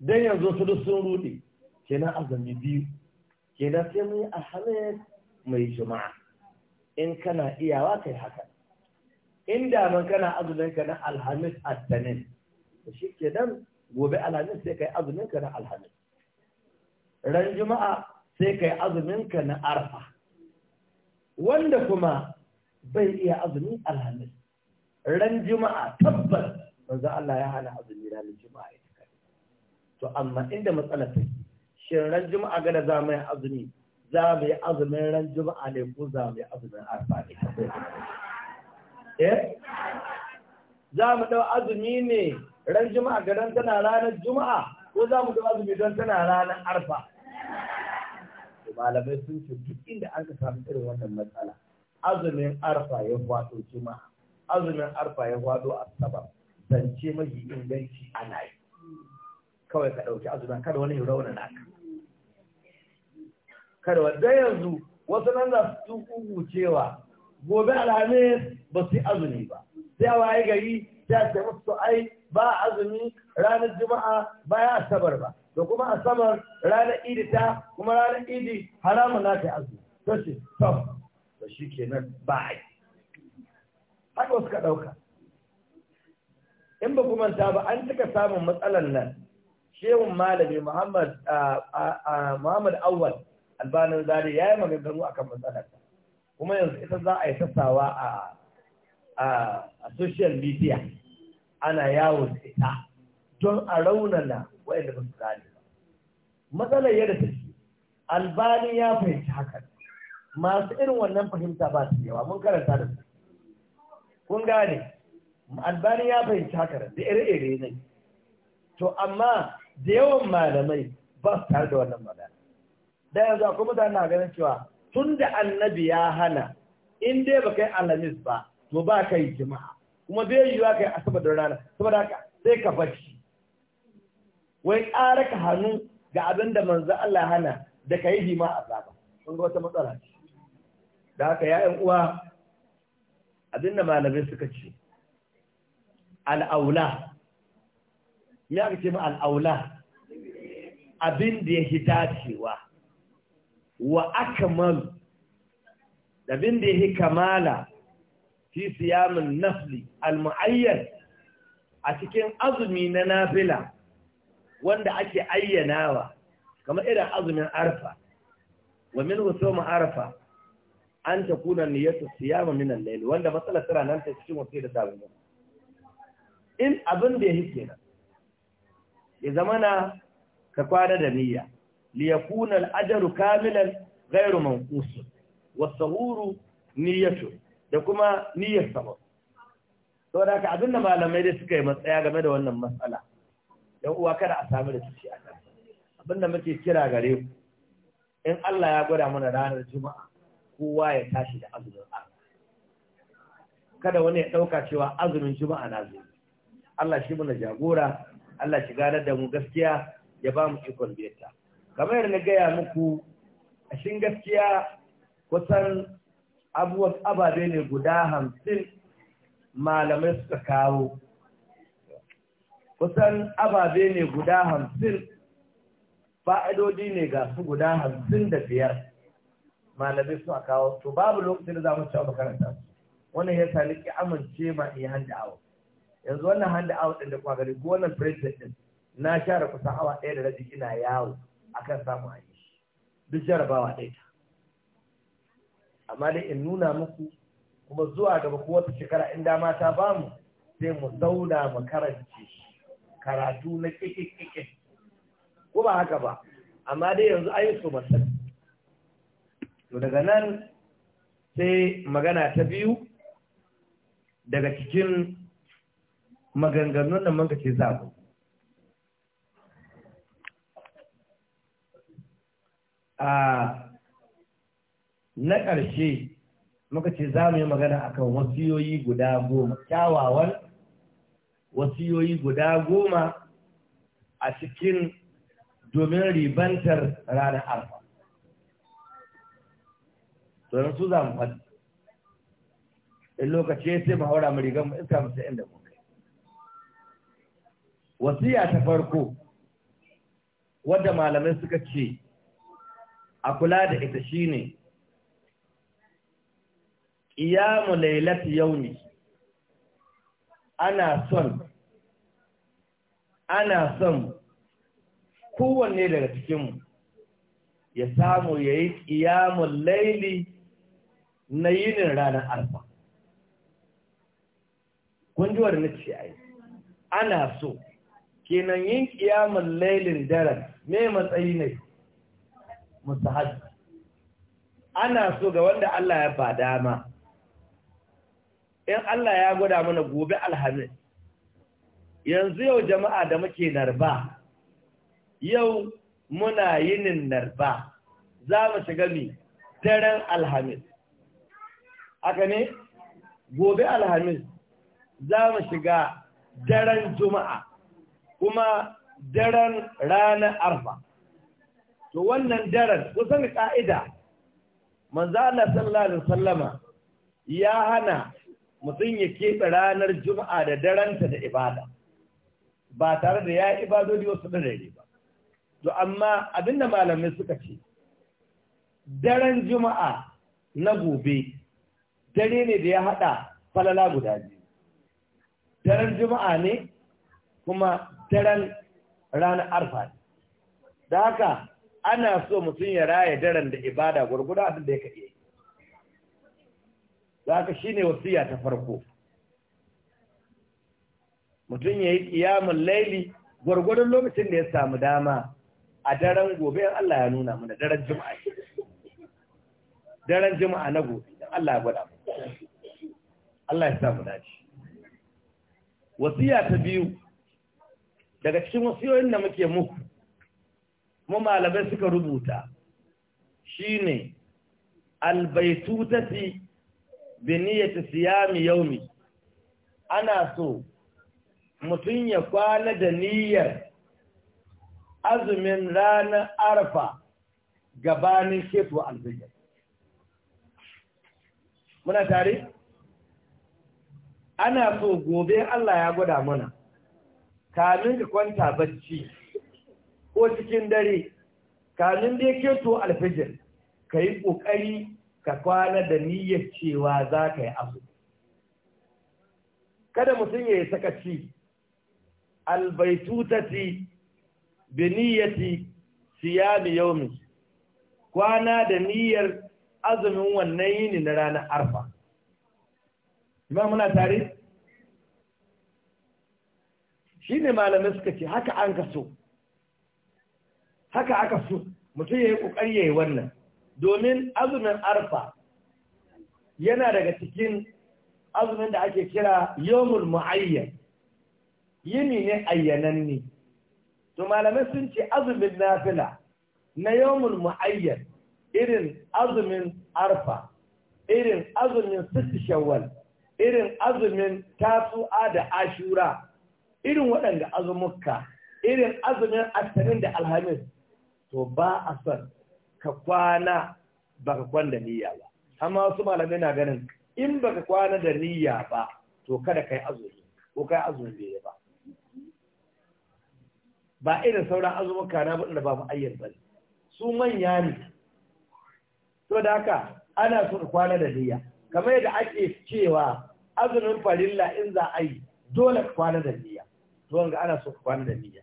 Speaker 1: don yanzu su duk sun rudi kenan azumi biyu kenan sai mun yi alhamis mai jama'a in kana iyawa kai haka in daman kana azumin ka na alhamis attanin shi ke nan gobe alhamis sai kai azumin ka na alhamis ran juma'a sai kai azumin ka na arfa wanda kuma bai iya azumin alhamis ran juma'a tabbas manzo Allah ya hana azumi ranar juma'a ita kai to amma inda matsalar take shin ran juma'a ga da za mu azumi za mu yi azumin ran juma'a ne ko za mu yi azumin arfa ne eh? za mu dau azumi ne ran juma'a ga ran tana ranar juma'a ko za mu dau azumi don tana ranar arfa malamai sun ce duk inda aka samu irin wannan matsala azumin arfa ya faɗo juma'a azumin arfa ya faɗo asabar zance mafi inganci ana yi kawai ka ɗauki azumin kada wani ya rauna naka. karwa da yanzu wasu nan za su kuku cewa gobe alhamis ba su yi azumi ba sai a waye gari sai a ce musu ai ba azumi ranar juma'a ba ya asabar ba da kuma a asabar ranar idi ta kuma ranar idi haramun na ta azumi to shi to to shi kenan ba ai haka wasu ka ɗauka in ba kuma ta ba an cika samun matsalar nan shehun malami muhammad awwal albanin zari ya yi maganganu a kan matsalar kuma yanzu ita za a yi sassawa a social media ana yawo da ita don a raunana wa'inda ba su gane ba matsalar yadda ce albanin ya fahimci hakan masu irin wannan fahimta ba su yawa mun karanta da su kun gane albanin ya fahimci hakan da ire-ire ne to amma da yawan malamai ba su tare da wannan magana da yanzu akwai mutane na ganin cewa tun da annabi ya hana in dai ba kai alamis ba to ba kai jima'a kuma bai yiwa kai asabar da rana saboda haka sai ka bashi wai ƙara ka hannu ga abin da manzo Allah hana da ka yi jima'a zaba kun ga wata matsala ce da haka ya'yan uwa abin da malamai suka ce al'aula me aka ce ma al'aula abin da ya cewa. wa akamalu abin da yake kamala fi siyamin nafli almu'ayyan a cikin azumi na nafila wanda ake ayyanawa kamar irin azumin arfa wa min husuma arfa an takuna niyyatu siyama min al-layl wanda matsala tana nan ta cikin wasu da sabon in abin da yake na, ya zamana ka kwana da niyya ليكون الأجر gairuman غير منقوص والصغور niyyatu da kuma niyyar sama to da abinda malamai da suka yi matsaya game da wannan matsala dan uwa kada a samu da kici a abinda muke kira gare ku in Allah ya gwada mana ranar juma'a kowa ya tashi da azumin Allah kada wani ya ɗauka cewa azumin juma'a na zuwa Allah shi mana jagora Allah shi ganar da mu gaskiya ya bamu mu ikon biyarta kamar na gaya muku a shin gaskiya kusan abubuwan ababe ne guda hamsin malamai suka kawo kusan ababe ne guda hamsin fa'idodi ne ga su guda hamsin da biyar malamai suka kawo to babu lokacin da za mu ci makaranta wannan ya sa nake amince ma in yi hand out yanzu wannan hand out ɗin da kwa gari ko wannan president din na share kusan awa ɗaya da rabi ina yawo akan samu a yi duk jarabawa ɗaya ta amma dai in nuna muku kuma zuwa gaba ko wata shekara in dama ta bamu sai mu zauna mu karanci karatu na kikikiki ko ba haka ba amma dai yanzu ayi su to daga nan sai magana ta biyu daga cikin maganganun da muka ce zaɓu a na ƙarshe muka ce za mu yi magana a kan wasiyoyi guda goma kyawawan wasiyoyi guda goma a cikin domin ribantar ranar arfa to su za mu faɗi in lokaci ce mu haura mu rigar mu iska mu sai inda mu kai wasiya ta farko wadda malamai suka ce a kula da ita shine iyamu lailati yaumi ana son ana son kowanne daga cikinmu ya samu ya yi ƙiyamun laili na yinin ranar alfa. Kunjiwar na ce ana so, kenan yin ƙiyamun lailin daren me matsayi ne, mustahabi ana so ga wanda Allah ya ba dama in Allah ya gwada mana gobe alhamis yanzu yau jama'a da muke narba yau muna yinin narba za mu shiga mi daren alhamis aka ne gobe alhamis za mu shiga daren juma'a kuma daren ranar arfa to wannan daren kusan ka'ida manzo Allah sallallahu alaihi wasallama ya hana mutum ya keɓe ranar juma'a da daranta da ibada ba tare da ya ibadodi wasu da ba to amma abinda malamai suka ce daren juma'a na gobe dare ne da ya haɗa falala guda biyu daren juma'a ne kuma daren ranar arfa da haka ana so mutum ya raya daren da ibada gurguda abin da ya kaɗe za ka shi ne wasiya ta farko mutum ya yi ƙiyamun laili gwargwadon lokacin da ya samu dama a daren gobe in Allah ya nuna mana daren jima'a daren jima'a na gobe in Allah ya gwada mu Allah ya samu dace wasiya ta biyu daga cikin wasiyoyin da muke muku mu malamai suka rubuta shine albaitutati bi niyyati siyami yaumi ana so mutum ya kwana da niyyar azumin ranar arfa gabanin keto albiyar muna tare ana so gobe Allah ya gwada mana kamin ka kwanta bacci ko cikin dare kanin da ya to alfijir ka yi ƙoƙari ka kwana da niyyar cewa za ka yi abu kada mutum ya yi sakaci albaitutati niyyati siyami yaumi kwana da niyyar azumin wannan yini na ranar arfa ba muna tare shi ne malamai suka ce haka an kaso haka aka so mutum ya yi ƙoƙari ya yi wannan domin azumin arfa yana daga cikin azumin da ake kira yomul mu'ayyan yini ne ne to malamai sun ce azumin nafila na yomul mu'ayyan irin azumin arfa irin azumin sittu shawwal irin azumin tasu'a da ashura irin waɗanda azumukka irin azumin asirin da alhamis to ba a son ka kwana ba ka kwan da niyya ba amma wasu malamai na ganin in ba ka kwana da niyya ba to kada kai azumi ko kai azumi ba ba irin sauran azumuka na da ba mu ayyar ba su manya ne to da haka ana so ka kwana da niyya kamar yadda ake cewa azumin farilla in za a yi dole ka kwana da niyya to wanga ana so ka kwana da niyya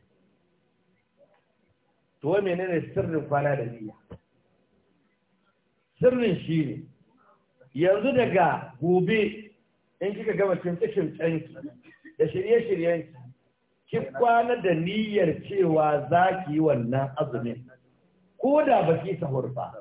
Speaker 1: to wai menene sirrin kwana da niyya sirrin shi ne yanzu daga gobe in kika gama kimce canki da shirye shiryen ki kwana da niyyar cewa za ki yi wannan azumin ko da ba ki sahur ba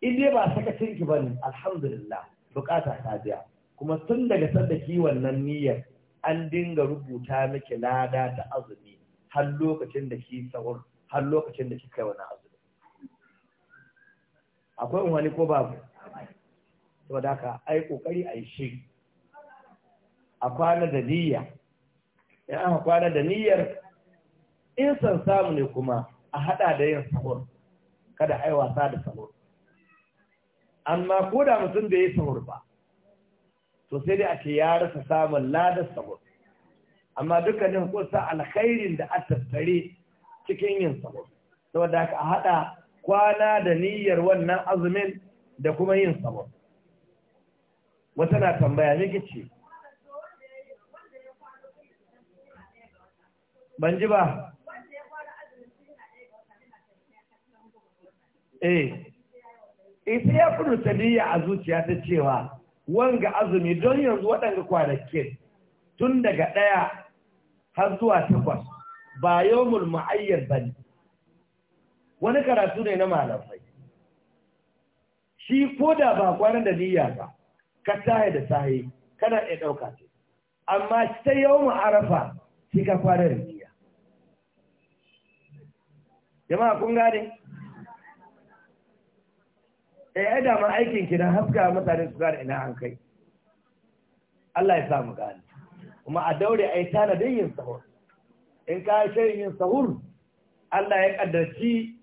Speaker 1: in dai ba ki ba ne alhamdulillah bukata ta biya kuma tun daga sanda ki wannan niyyar an dinga rubuta miki lada ta azumi har lokacin da ki sahur har lokacin da kika yi wannan akwai wani ko babu to da ka ai kokari ai shi a kwana da niyya in aka kwana da niyyar in san samu ne kuma a hada da yin sahur kada ai wasa da sahur amma ko da mutum da yi sahur ba to sai dai ake ya rasa samun ladar sahur amma dukkanin kusa alkhairin da a tattare cikin yin sa saboda haka a hada kwana da niyyar wannan azumin da kuma yin sa wata na tambaya miki ce ban ji ba eh ita ya furta niyya a zuciya ta cewa wanga azumi don yanzu waɗanda kwanakin tun daga ɗaya har zuwa takwas ba yawmul mu'ayyar ba ne wani karatu ne na malamai shi ko da ba kwanan da niyya ba ka tahe da tahe kana iya ɗauka ce amma ta yawmul arafa shi ka kwana da niyya jama'a kun gane ya eh, ai da ma aikin ki haska mutane su gane ina an kai Allah ya sa mu gane kuma a daure yi tana don yin sahur in ka shirin yin sahur Allah ya kaddarci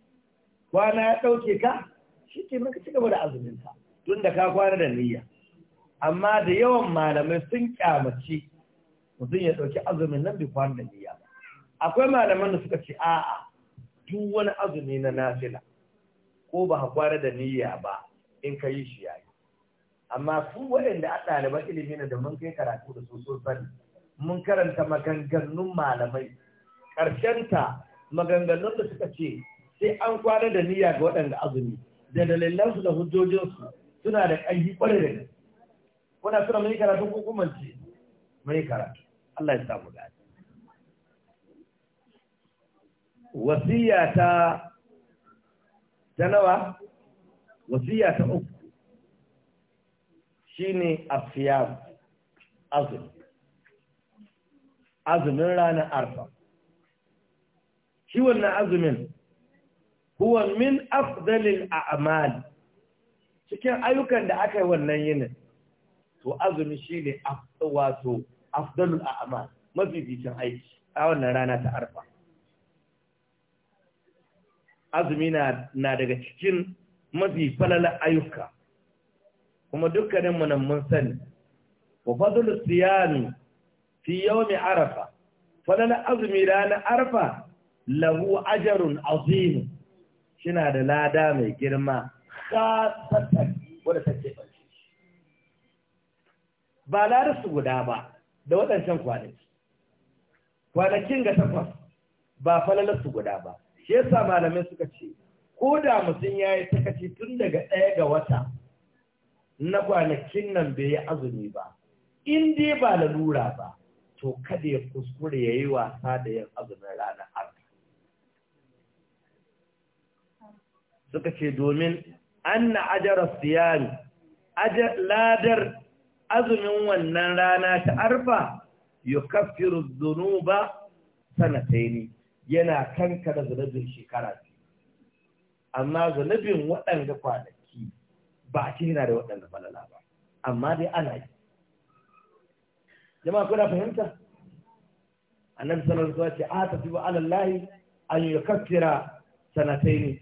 Speaker 1: kwana ya ɗauke ka shi ke maka ci gaba da azuminka tun da ka kwana da niyya amma da yawan malamai sun kyamaci mutum ya ɗauki azumin nan bai kwana da niyya ba akwai malaman da suka ce a'a duk wani azumi na nafila ko ba ka kwana da niyya ba in ka yi shi ya yi. amma su waɗanda a ɗaliban ilimi na da mun kai karatu da su sosai mun karanta maganganun malamai ta maganganun da suka ce sai an kwana da niyya ga waɗanda azumi da dalilansu da hujjojinsu suna da ƙarfi ƙwarai da gaske kuna suna mai karatu ko kuma ce mai karatu Allah ya samu gani wasiya ta ta nawa wasiya ta uku shine afiyam azumi azumin ranar arfa shi wannan azumin huwa min afdalil a'mal cikin ayyukan da aka yi wannan yini to azumi shine wato afdalul a'mal mafificin aiki a wannan rana ta arfa azumi na na daga cikin mafi falalan ayyuka kuma dukkanin mu nan mun sani wa fadlus siyami fi yawmi arafa falalan azumi rana arfa lahu ajarun azim shina da lada mai girma kasatan wadda ta ba ladar su guda ba da waɗancan kwanaki kwanakin ga takwas ba falalar su guda ba shi yasa malamai suka ce ko da mutum yayi yi takaci tun daga ɗaya ga wata na kwanakin nan bai yi azumi ba in dai ba lalura ba to kada ya kuskure yayi wasa da yin azumin rana suka ce domin an na ajarar siyami ladar azumin wannan rana ta arfa zunu ba sanataini yana kankara zunubin shekara amma zunubin waɗanda kwanaki ba a yana da waɗanda falala ba amma dai ana yi jama'a kuna fahimta annabi sanar zuwa ce a tafi ba alallahi an yukaffira sanataini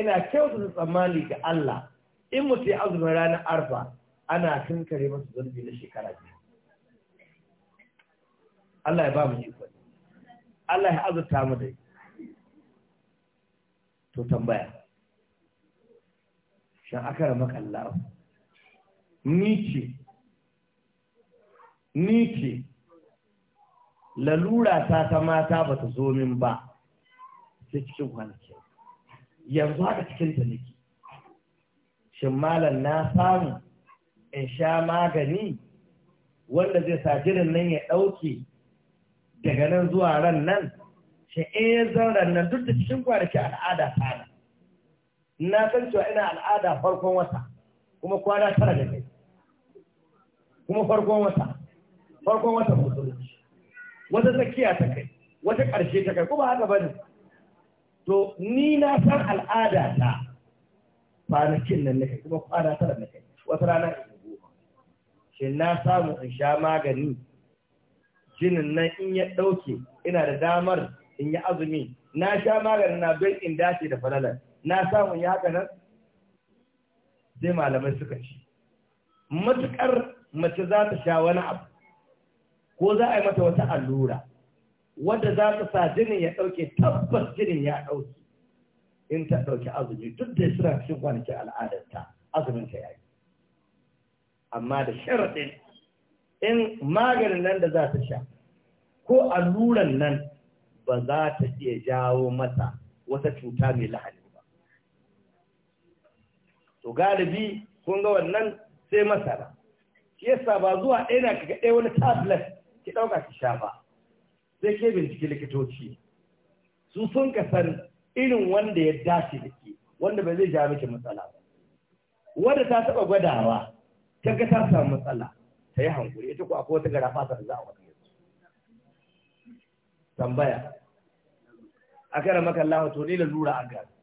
Speaker 1: ina kyautata tsammani ga Allah in mu ya azumin ranar arfa ana tunkare masa zunubi na shekara biyu Allah ya ba mu iko Allah ya azurta mu dai to tambaya shan aka maka Allah ni ce ni ce lalura ta ta mata ba ta zo min ba sai cikin kwanaki yanzu haka cikin ta nake shin malam na samu in sha magani wanda zai sa jirin nan ya ɗauke daga nan zuwa ran nan shi in eh, zan ran nan duk da cikin kwanaki al'ada tana na san cewa ina al'ada farkon wata kuma kwana tara da kai kuma farkon wata farkon wata musulunci wata tsakiya ta kai wata ƙarshe ta kai kuma haka bane to ni na san al'ada ta kwanakin nan kai kuma kwana tara kai wata rana in goma shin na samu in sha magani jinin nan in ya ɗauke ina da damar in yi azumi na sha maganin na don in dace da falalar na samu ya haka nan sai malamai suka ci matuƙar mace za ta sha wani abu ko za a yi mata wata allura Wanda za ta sa jinin ya ɗauke tabbas jinin ya ɗauke in ta ɗauki azumi duk da suna cikin kwanakin al'adarta azumin ta yayi amma da sharaɗin in maganin nan da za ta sha ko alluran nan ba za ta iya jawo mata wata cuta mai lahani ba to galibi kun ga wannan sai masara shi yasa ba zuwa ɗaya na kaga ɗaya wani tablet ki ɗauka ki sha ba sai ke bincike likitoci su sun kasar irin wanda ya dace da ke wanda ba zai ja miki matsala ba wanda ta taba gwadawa ta ga ta samu matsala ta yi hankuri ita ko akwai wata gara fata da za a wata tambaya a kan maka Allah to ni lalura a gari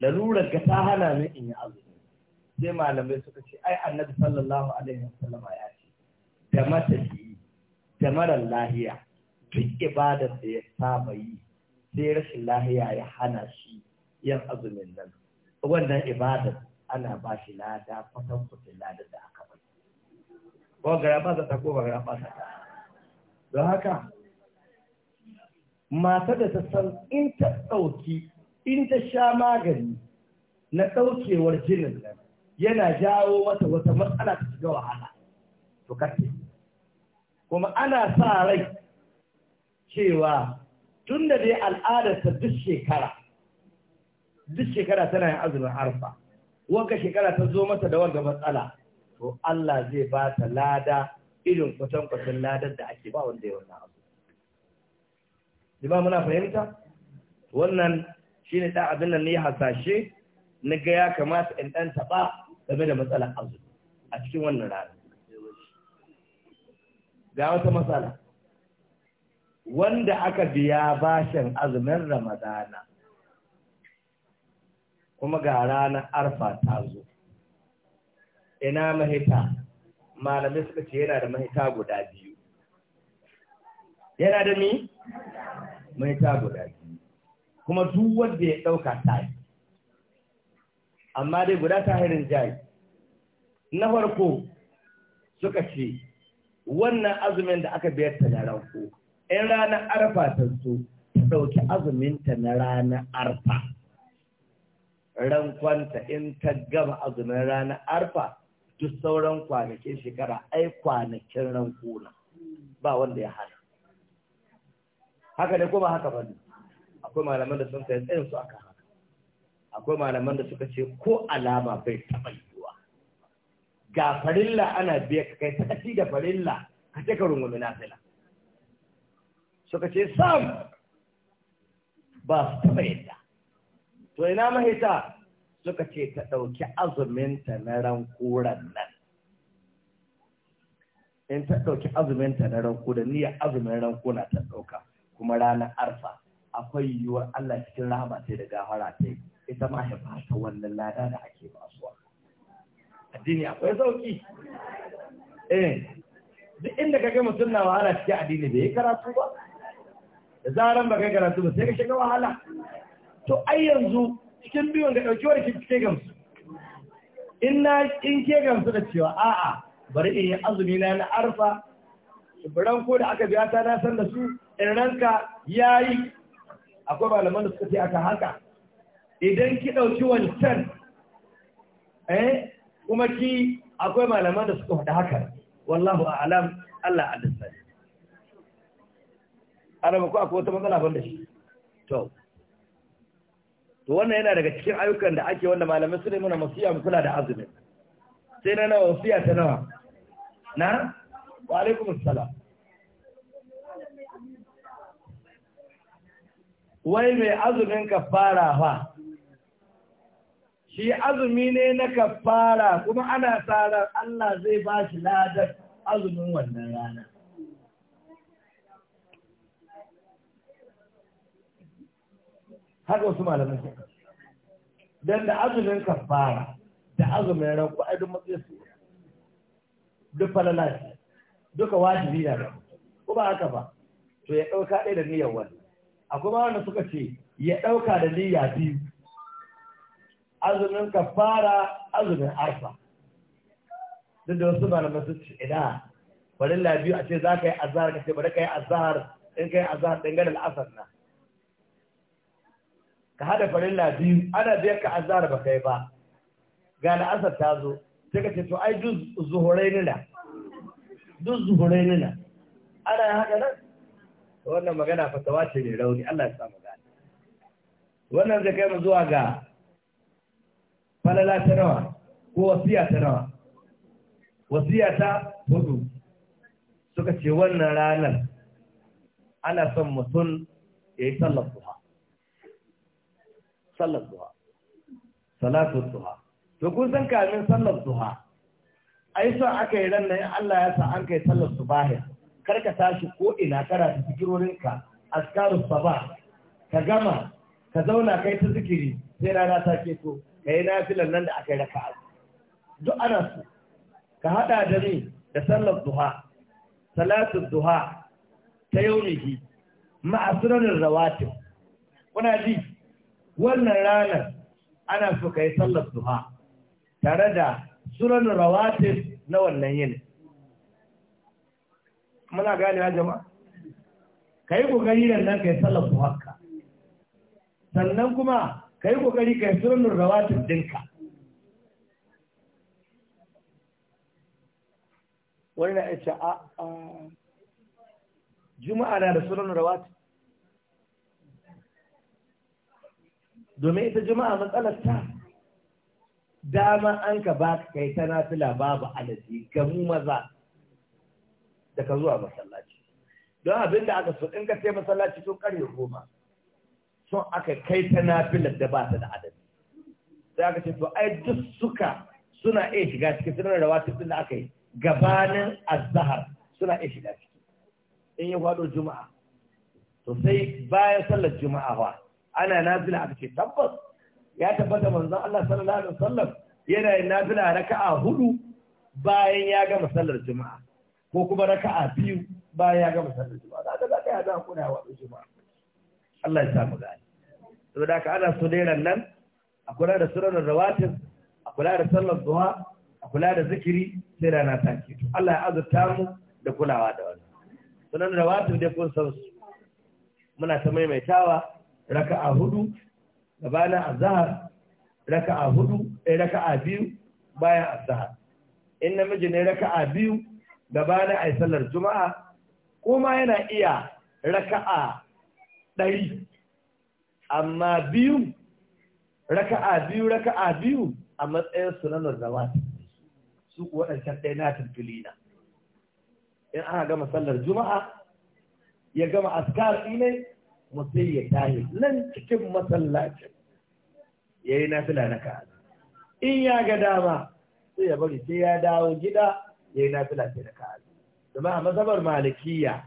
Speaker 1: lalura ga ta hana min in yi azumi sai malamai suka ce ai annabi sallallahu alaihi wasallam ya ce da matafi da marar lahiya duk ibadar da ya saba yi sai rashin lahiya ya hana shi yan azumin nan wannan ibadar ana ba shi lada kwatan kwatan lada da aka bai ko gara ba ta ko ba ba ta don haka mata da ta san in ta ɗauki in ta sha magani na ɗaukewar jinin nan yana jawo mata wata matsala ta shiga wahala to karfe kuma ana sa rai cewa tun da dai ta duk shekara duk shekara tana yin azumin arfa wanka shekara ta zo mata da wanga matsala to Allah zai ba ta lada irin kwatankwatan ladar da ake ba wanda ya wani abu. ba muna fahimta? Wannan shi ne ɗan abin nan ne ya hasashe na ga ya kamata in ɗan taɓa game da matsalar azumi a cikin wannan rana. ga wata matsala wanda aka biya bashin azumin ramadana kuma ga ranar arfa ta zo ina mahita malamai suka ce yana da mahita guda biyu yana da ni mahita guda biyu kuma duk wanda ya ɗauka ta yi amma dai guda ta hirin jayi na farko suka ce wannan azumin da aka biyar ta na ranko in ranar arfa ta so ta ɗauki azuminta na ranar arfa rankonta in ta gama azumin ranar arfa duk sauran kwanakin shekara ai kwanakin na ba wanda ya hana haka ne kuma haka ba akwai malaman da sun kai tsayin su aka haka akwai malaman da suka ce ko alama bai taɓa yi ga farilla ana biya ka kai sakaci da farilla ka ce ka rungumi nafila suka ce sam ba su taba yadda to ina mahita suka ce ta ɗauki azuminta na rankuran nan in ta ɗauki azuminta na ranko da niyyar azumin ranko na ta ɗauka kuma ranar arfa akwai yiwuwar Allah cikin rahama sai da gafara ta ita ma ya wannan lada da ake basuwa addini akwai sauki eh duk inda mutum na wahala cikin addini bai yi karatu ba da zaran ba kai karatu ba sai ka shiga wahala to ai yanzu cikin biyun da ɗaukewar ki cikin kegamsu. in na in ke da cewa a'a bari in yi azumi na na arfa biran ko da aka biya ta na san da su in ranka yayi akwai malaman da suka ce aka haka idan ki dauki wancan eh kuma shi akwai malaman da suka hada haka wallahu a'lam Allah adalsa ana ko akwai wata matsala ban da shi to to wannan yana daga cikin ayyukan da ake wanda malamai su ne muna masiya mu kula da azumi sai na nawa wasiya ta nawa na wa alaikum assalam wai mai azumin ka fara fa shi azumi ne na kafara kuma ana tsarar Allah zai ba shi ladar azumin wannan rana. Haka wasu malamin suka. Don da azumin kafara da azumin ranku a duk matsayi su duk falalaci duka wajibi da ranku ko ba haka ba to ya ɗauka ɗaya da niyyar wani akwai ma wanda suka ce ya ɗauka da niyya biyu azumin kafara azumin arfa duk da wasu malamai sun ce ina bari labiyu a ce za ka yi azahar ka ce bari ka yi azahar in ka yi azahar dangane al'asar na ka hada farin labiyu ana biyar ka azahar ba kai ba ga al'asar ta zo sai ka ce to ai duk zuhurai nila duk zuhurai nila ana yi haka nan wannan magana fatawa ce mai rauni Allah ya samu gani wannan zai kai mu zuwa ga falala ta nawa ko wasiya ta nawa wasiya ta hudu suka ce wannan ranar ana son mutum ya yi sallar duha sallar duha salatu duha to kun san kamin sallar duha yi son aka yi ranar nan Allah ya sa an kai sallar su kar karka tashi ko ina kara ta fikirorinka askarus sabah ka gama ka zauna kai ta zikiri sai rana ta keto ka yi nafilan nan da aka yi raka duk ana su, ka haɗa da ne da sallar duha salatu duha ta ma'a sunanin rawatin kuna ji wannan ranar ana so ka yi sallar duha tare da sunanin rawatin na wannan yin. muna gane jama'a ka yi ƙoƙari da nan ka yi sallar duha ka sannan kuma ka yi ƙoƙari ka yi sunanin rawatin dinka wani na yace a a juma'a na da sunanin rawatin domin ita juma'a matsalar ta dama an ka ba ka kai ta nafila babu alaji ga mu maza da ka zuwa masallaci don abinda aka so in ka sai masallaci tun karye goma son aka kai ta nafilar da ba ta da adadi sai aka ce to ai duk suka suna iya shiga cikin sunan da din da aka yi gabanin azhar suna iya shiga ciki in ya faɗo juma'a to sai bayan sallar juma'a wa ana nafila aka ce tabbas ya tabbata manzo Allah sallallahu alaihi wasallam yana yin nafila raka'a hudu bayan ya gama sallar juma'a ko kuma raka'a biyu bayan ya gama sallar juma'a da ka ya da kuna wa juma'a Allah ya samu gani saboda haka ana so dai nan a kula da sunan rawatin a kula da sallar duha a kula da zikiri sai rana ta ke Allah ya azurta mu da kulawa da wannan sunan rawatin dai kun san su muna ta maimaitawa raka'a hudu gabanin azhar raka'a hudu eh raka'a biyu bayan azhar in namiji ne raka'a biyu gabanin ay sallar juma'a kuma yana iya raka'a ɗari amma biyu raka'a biyu raka'a biyu a matsayin sunanar zama su waɗancan ɗaya na tuntuli na in aka gama sallar juma'a ya gama askar ɗinai mutum ya tahi nan cikin masallacin ya yi na fila na ka'a in ya ga dama sai ya bari sai ya dawo gida ya yi na fila sai na ka'a zama a malikiya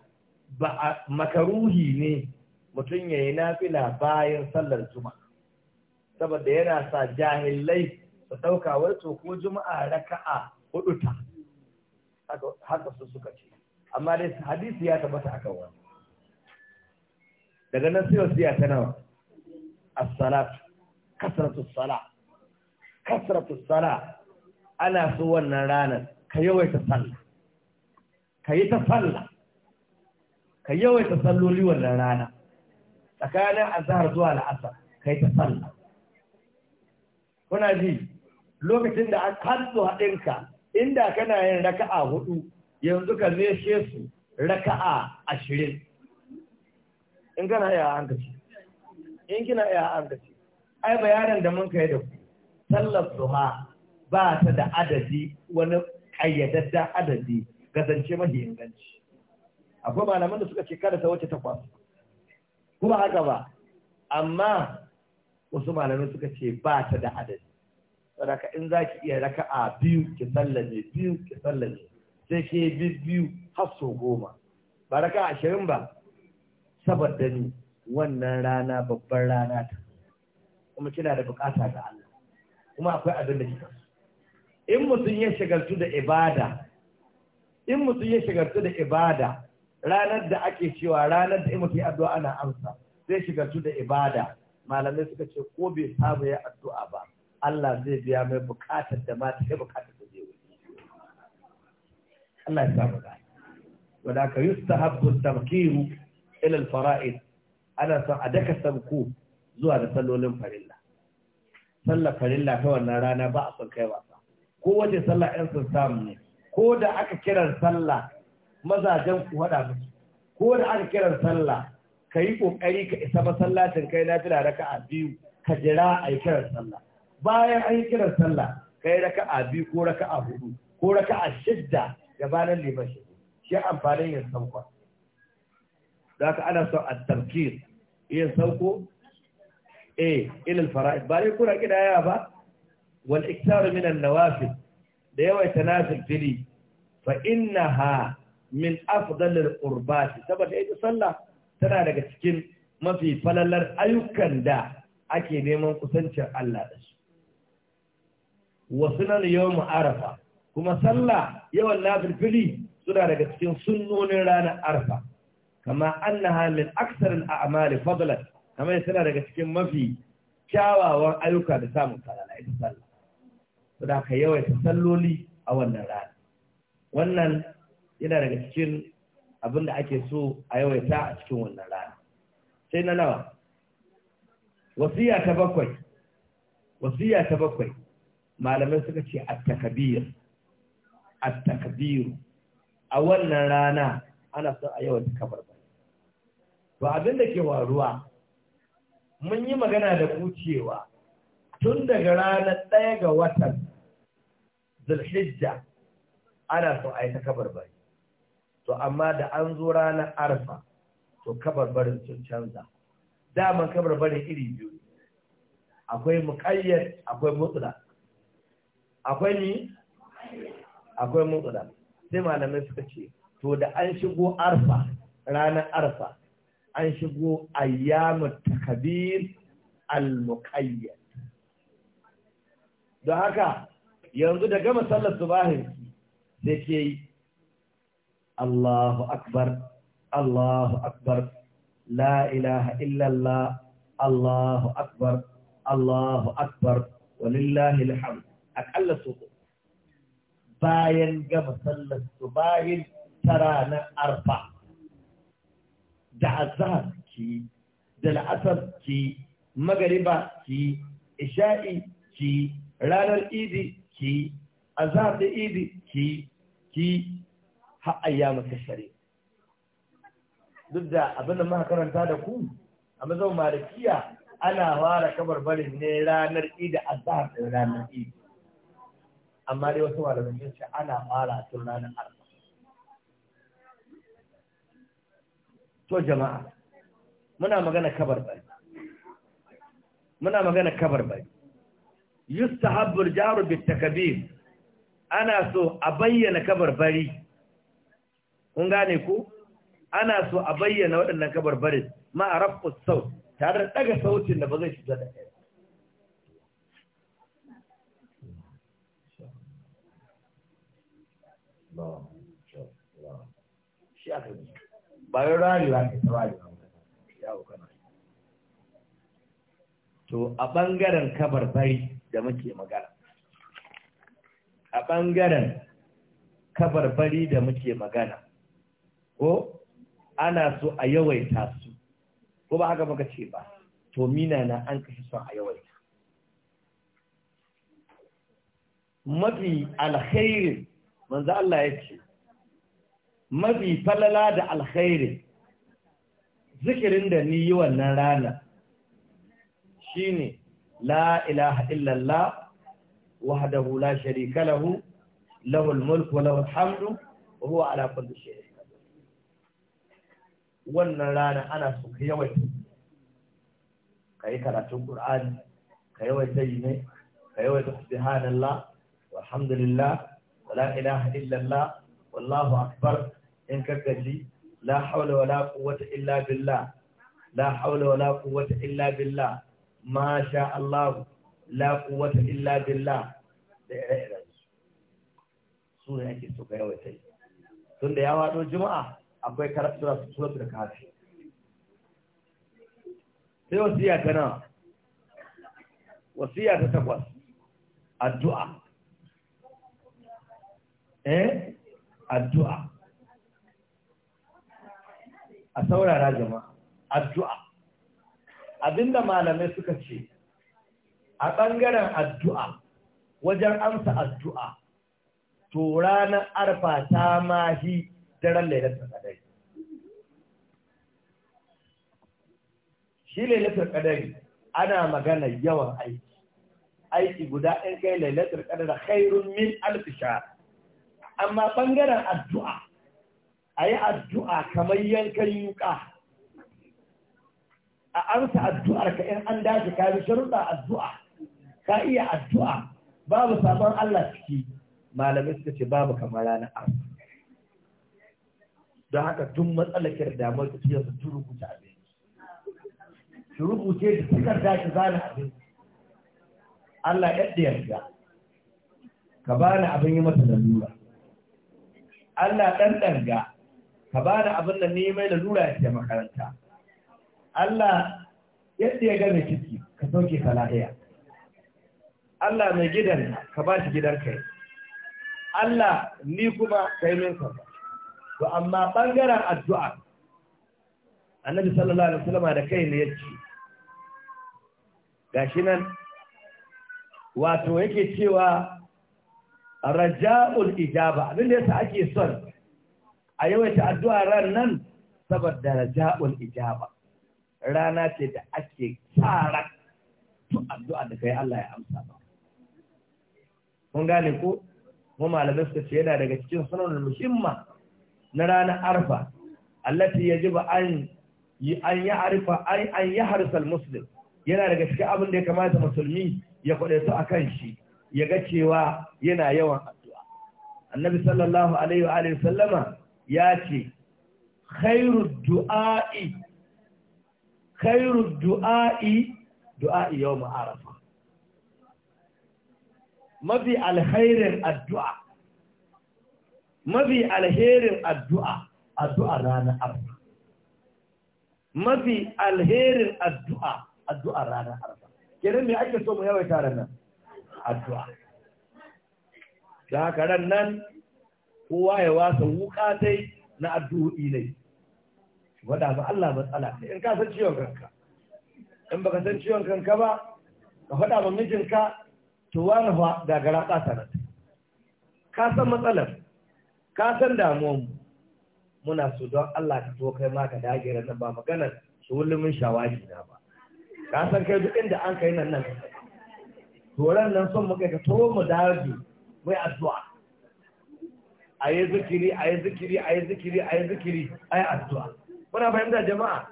Speaker 1: ba makaruhi ne mutum ya yi nafila bayan sallar juma'a saboda yana sa jahilai su ɗauka wai to ko juma'a raka'a hudu ta haka su suka ce amma dai hadisi ya tabbata kan wani daga nan sai wasiya ta nawa as-salatu kasratu sala kasratu sala ana so wannan ranar ka yawaita sallah ka yi ta sallah ka yawaita salloli wannan rana tsakanin azhar zuwa la'asar kai ta sallah kuna ji lokacin da an kanto haɗinka inda kana yin raka'a hudu yanzu ka meshe su raka'a ashirin in kana iya hankali in kina iya hankali ai bayanan da mun kai da ku sallar duha ba ta da adadi wani kayyadaddan adadi gazance mahi inganci akwai malaman da suka ce kada ta wuce takwas kuma haka ba amma wasu malamai suka ce ba ta da adadi ka in za ki iya raka a biyu ki sallame biyu ki sallame sai ke biyu har sau goma ba raka ashirin ba saboda ni wannan rana babban rana ta kuma kina da bukata ga Allah kuma akwai abin da kika in mutum ya shagaltu da ibada in mutum ya shagaltu da ibada ranar da ake cewa ranar da mutu addu'a ana amsa zai shiga su da ibada malamai suka ce ko bai saba ya addu'a ba Allah zai biya mai bukatar da mata, ya bukatar da zai wuce Allah ya samu da wanda ka yustahabbu tamkiru ila al-fara'id ana son a daka sabku zuwa da sallolin farilla sallar farilla ta wannan rana ba a son kai wasa waje sallah ɗan sun samu ne ko da aka kiran sallah mazajen ku haɗa musu ko da aka kiran sallah ka yi ƙoƙari ka isa masallacin kai na raka raka'a biyu ka jira a yi kiran sallah bayan an yi kiran sallah ka yi raka'a biyu ko raka'a hudu ko raka'a shidda gabanin liman shi shi amfanin yin sauka za ka ana son a tarkir yin sauko Eh ilil fara'id ba dai kuna kidaya ba wal iktaru minan nawafil da yawaita nafil fili fa innaha min afdalil qurbati saboda ita sallah tana daga cikin mafi falalar ayyukan da ake neman kusancin Allah da su wa sunan yawm arafa kuma sallah yawan nafilfili suna daga cikin sunnonin ranar arafa kama annaha min aksar al-a'mal fadlan kamar suna daga cikin mafi kyawawan ayyuka da samun falala ita sallah saboda ka yawaita salloli a wannan rana wannan yana daga cikin abin da ake so a yawaita a cikin wannan rana sai na nawa wasiya ta bakwai wasiya ta bakwai malamai suka ce a takabir, a takabir, a wannan rana ana son a yawaita ba. to abin da ke waruwa mun yi magana da kucewa tun daga ranar ɗaya ga watan zulhijja ana son a yi takabar bari to amma da an zo ranar arfa to barin sun canza daman barin iri biyu akwai mukayyar, akwai mutsula akwai ni akwai mutsula sai malamai suka ce to da an shigo arfa ranar arfa an shigo ayyamu takabir al-muqayyad don haka yanzu da gama sallar subahin sai ke yi Allahu akbar Allahu akbar la ilaha illallah Allahu akbar Allahu akbar walillahi alhamd akalla su bayan gama sallar su bayan tara na arfa da azhar ki da la'asar ki magariba ki isha'i ki ranar idi ki da idi ki ki har ayyamu tashari duk da abin da muka karanta da ku a mazau malikiya ana fara kabarbarin ne ranar idi azhar da ranar idi amma dai wasu malamai sun ce ana fara tun ranar arba to jama'a muna magana kabarbari muna magana kabarbari yustahabbul jaru bitakabir ana so a bayyana kabarbari kun gane ku ana so a bayyana waɗannan kabarbarin ma a rafus sau tare da ɗaga sautin da ba zai shiga da shi aka to a ɓangaren bari da muke magana a ɓangaren bari da muke magana ko ana so a yawaita su ko ba haka baka ce ba to mina na an kashe son a yawaita mafi alkhairin manzo Allah ya ce mafi falala da alkhairin zikirin da ni yi wannan rana shine la ilaha illallah wahdahu la sharika lahu lahul mulku wa lahul hamdu wa huwa ala kulli shay'in wannan rana ana so ka yawaita ka yi karatun Qur'ani ka yawaita yi ne ka yawaita subhanallah walhamdulillah wala ilaha illallah wallahu akbar in ka gaji la hawla wala quwwata illa billah la hawla wala quwwata illa billah ma sha Allah la quwwata illa billah da ire-iren su ne ake so ka yawaita yi tun da ya wado juma'a akwai da kafi sai wasiya ta nawa wasiya ta takwas addu'a eh addu'a a saurara jama'a addu'a abinda malamai suka ce a ɓangaren addu'a wajen amsa addu'a to ranar arfa ta mahi daren lailatul qadari shi lailatul ana magana yawan aiki aiki guda in kai lailatul qadari khairun min alf shahr amma bangaren addu'a ayi addu'a kamar yankan yuka a amsa addu'ar ka in an dace ka bi sharuɗa addu'a ka iya addu'a babu sabon Allah ciki malamai suka ce babu kamar ranar arfa don haka duk matsalar ki da damar ki fiye su rubuta abin ki rubuce da cikar da ki zana abin Allah yadda yarda ka bani abin yi masa lalura Allah dan danga ka bani abin da ne mai lalura ya ce makaranta Allah yadda ya gane ciki ka sauke ka lahiya Allah mai gidan ka ba shi gidan kai Allah ni kuma kai min kaza to amma ɓangaren addu'a annabi sallallahu alaihi wasallama da kai ne yace gashi nan wato yake cewa raja'ul ijaba abin abinda yasa ake son a yawaita addu'a ran nan saboda raja'ul ijaba rana ce da ake tsara to addu'a da kai Allah ya amsa ba kun gane ko mu malamai suka ce yana daga cikin sunan muhimma na ranar arfa allati yajibu an yi an ya arfa an muslim yana daga cikin abin da ya kamata musulmi ya kwade su kan shi ya ga cewa yana yawan addu'a annabi sallallahu alaihi wa alihi sallama ya ce khairu du'a'i khairu du'a'i du'a'i yawm arafa mafi alkhairin addu'a mafi alherin addu'a addu'a rana arfa mafi alherin addu'a addu'a rana arba kenan me ake so mu yawaita nan? addu'a da haka ran nan kowa ya wasa wuka dai na addu'o'i ne wada ba Allah matsala in ka san ciwon kanka in baka san ciwon kanka ba ka faɗa ma mijinka to wani fa gagara ɓata nan ka san matsalar ka san damuwan mu muna so don Allah ka zo kai ma ka dage nan ba maganar shulumin shawagi na ba ka san kai duk inda an kai nan nan toran nan son mu kai ka to mu dage mai addu'a a yi zikiri a yi zikiri a yi zikiri a yi zikiri a yi addu'a muna fahimta jama'a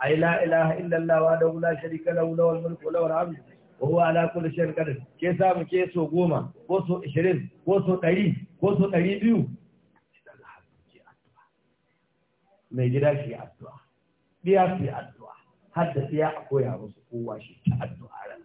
Speaker 1: Ayi la ilaha illallah wa da wula sharika la lahu al mulku la wal wa huwa ala kulli shay'in qadir ke samu ke so goma ko so 20 ko so 100 ko so 200 mai gida shi addu'a biya su yi addu'a har da a koya musu kowa shi ta addu'a ran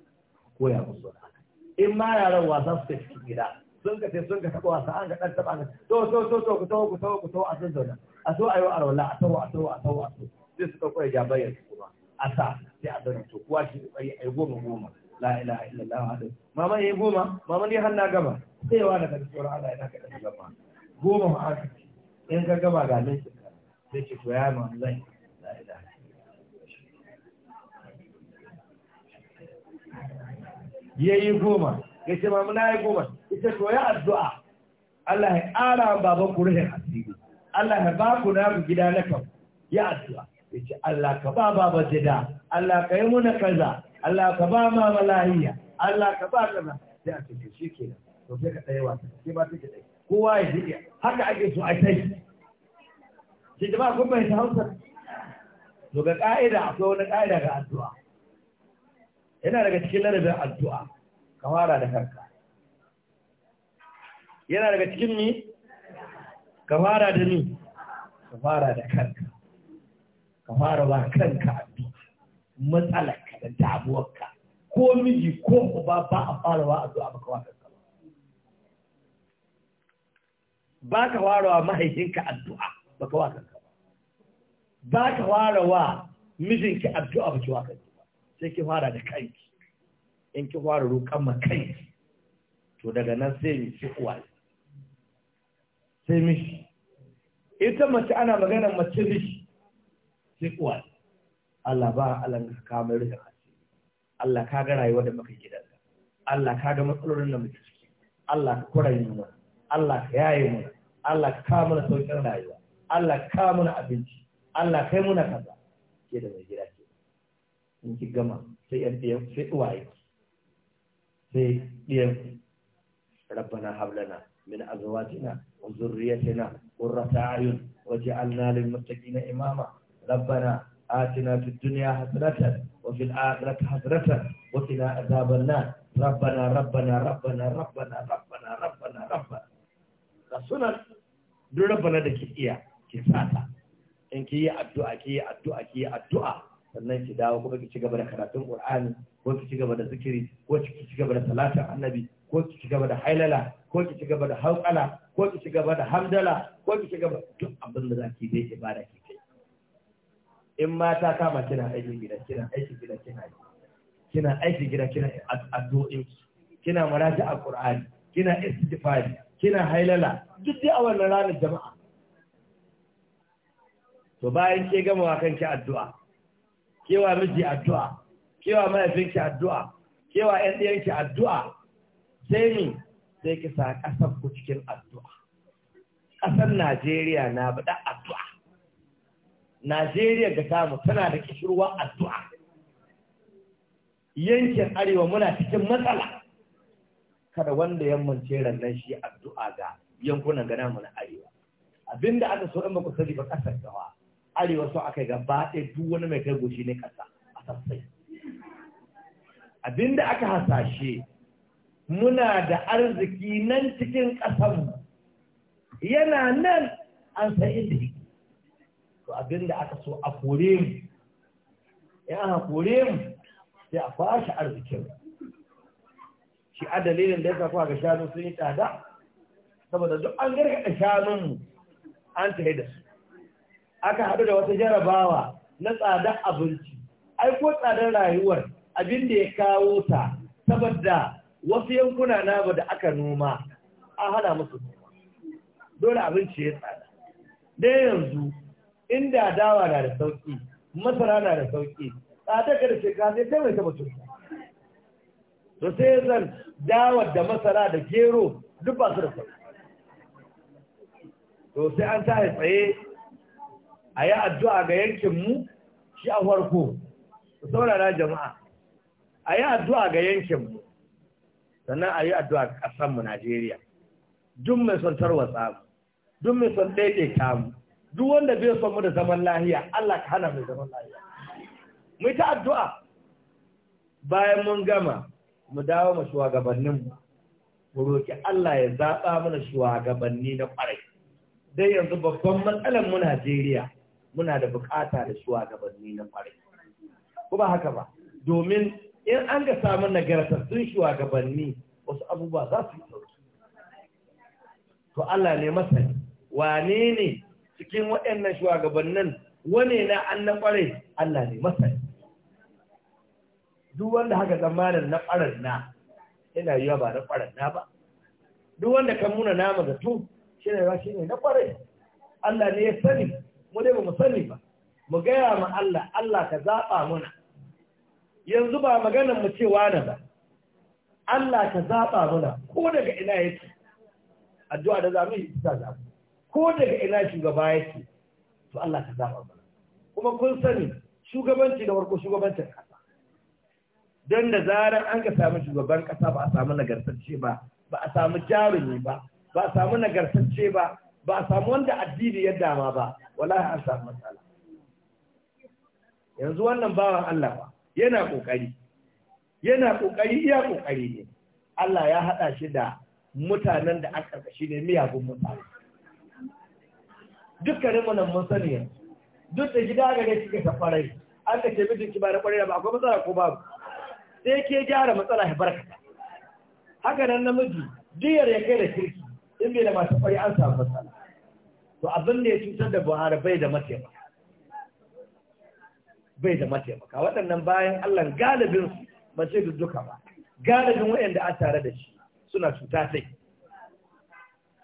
Speaker 1: koya musu wani haka in ma yaran wasa suka cikin gida sun ka sun ka taba wasa an ka ɗan taɓa ne to to to to ku tawo ku tawo ku tawo a san zauna a so a wa a tawo a tawo a tawo a tawo sai suka koya jabayar su kuma a sa sai a zauna to kowa shi ai ai goma goma la ilaha illallah wa mama yayi goma mama ne har na gama sai wa daga tsoron Allah ya naka da gama goma ma aka in ka gama ga nan sai ce to ya manzan ya yi goma ya ce mamu na yi goma ita to ya addu'a Allah ya ƙara baban ku ruhin asiri Allah ya ba ku na gida na kan ya addu'a ya ce Allah ka ba baba jida Allah ka yi muna kaza Allah ka ba ma malahiya Allah ka ba kaza Ya ce cikin shi ke nan, to sai ka ɗaya wata sai ba take ɗaya kowa ya jiƙe haka ake so a tai shi jama'a kun bai ta hausa to ga ka'ida akwai wani ka'ida ga addu'a yana daga cikin ladabin addu'a ka fara da kanka yana daga cikin ni ka fara da ni ka fara da kanka ka fara ba kanka addu'a matsalarka da tabuwarka ko miji ko uba ba a fara wa addu'a ba kawai kanka ba ka warawa mahaifinka addu'a ba ka ba ba ka fara wa mijinki addu'a ba ki wa kanki ba sai ki fara da kanki in ki fara roƙon ma kanki to daga nan sai mi sai uwa sai mishi ita mace ana magana mace mishi sai uwa Allah ba Allah ka kamar rika Allah ka ga rayuwar da muka gidan Allah ka ga matsalolin da muke ciki Allah ka kurayi mana Allah ka yaye mana Allah ka kawo mana sauƙin rayuwa Allah ka muna abinci Allah kai muna kaza ke da mai gida ke in ki gama sai yan biyan sai uwaye sai biyan rabbana hablana min azwajina wa zurriyyatina qurrata a'yun waj'alna lil muttaqina imama rabbana fid dunya hasanatan wa fil akhirati hasanatan wa qina النار ربنا ربنا ربنا ربنا ربنا ربنا ربنا رسولنا duk rabbana da ke iya ke sata in ki yi addu'a ki yi addu'a ki yi addu'a sannan ki dawo kuma ki ci gaba da karatun Qur'ani ko ki ci gaba da zikiri ko ki ci gaba da salatin annabi ko ki ci gaba da hailala ko ki ci gaba da hauƙala ko ki ci gaba da hamdala ko ki ci gaba duk abin da zaki dai ibada ki kai in mata kama kina aikin gida kina aikin gida kina kina aikin gida kina addu'o'in kina muraja'a Qur'ani kina istighfari kina hailala duk dai a wannan ranar jama'a to bayan ke gama wa kanki addu'a kewa miji addu'a kewa ki addu'a kewa ƴan ɗiyanki addu'a sai ni sai ki sa ƙasar ku cikin addu'a ƙasar Najeriya na bada addu'a Najeriya ga samu tana da kishirwa addu'a yankin arewa muna cikin matsala kada wanda yammance rannan shi addu'a ga yankunan gana mu na arewa abinda aka so in ba ku sani ba kasar gawa arewa so aka gaba ɗaya duk wani mai kai goshi ne ƙasa a sassai abinda aka hasashe muna da arziki nan cikin ƙasan yana nan an san inda yake to abinda aka so a kore mu ya aka kore mu sai a kwashe arzikin shi a dalilin da ya sa kuwa ga shanu sun yi tsada saboda duk an gargaɗa shanunmu an tahe da su aka haɗu da wata jarabawa na tsadar abinci ai ko tsadar rayuwar abin da ya kawo ta saboda wasu yankuna na da aka noma an hana musu dole abinci ya tsada dai yanzu inda dawa na da sauki masara na da sauki tsadar ka da shekara sai kai mai taba cuta to sai zan dawar da masara da gero duk ba su da sauki to sai an tashi tsaye a yi addu'a ga yankinmu shi a farko ku saurara jama'a a yi addu'a ga yankinmu sannan a yi addu'a ga ƙasanmu najeriya duk mai son tarwatsa mu duk mai son ɗaiɗaita mu duk wanda bai son mu da zaman lahiya allah ka hana mai zaman lahiya mu ta addu'a bayan mun gama mu dawo mu shugabanninmu mu roƙi allah ya zaɓa mana shugabanni na ƙwarai dai yanzu babban matsalar mu najeriya muna da bukata da shugabanni na kwarai ko ba haka ba domin in an ga samun nagartattun shugabanni wasu abubuwa za su yi sauki to Allah ne masani wane ne cikin waɗannan shugabannin wane na an na kwarai Allah ne masani duk wanda haka zamanin na kwarar na yana yiwa ba na kwarar na ba duk wanda kan muna nama zato shi ne ba shi ne na kwarai Allah ne ya sani mu dai mu sani ba mu gaya ma Allah Allah ka zaɓa muna yanzu ba maganar mu cewa na ba Allah ka zaɓa muna ko daga ina yake addu'a da zamu yi ta zaɓa ko daga ina shugaba yake to Allah ka zaɓa muna kuma kun sani shugabanci da warko shugabancin kasa don da zarar an ka samu shugaban kasa ba a samu nagartacce ba ba a samu jarumi ba ba a samu nagartacce ba ba a samu wanda addini ya dama ba wallahi an samu matsala yanzu wannan bawan Allah ba yana kokari yana kokari iya kokari ne Allah ya hada shi da mutanen da aka kashi ne miyagun mutane dukkanin mu nan mun sani yanzu duk da gida ga ne kike safarai an ka ce mijinki ba da kwarai ba akwai matsala ko babu sai ke gyara matsala ya barka. haka nan namiji diyar ya kai da kirki in bai da masu kwarai an samu matsala to abin da ya cutar da buhari bai da mataimaka bai da mataimaka waɗannan bayan allah galibin ba da duka ba galibin waɗanda a tare da shi suna cuta sai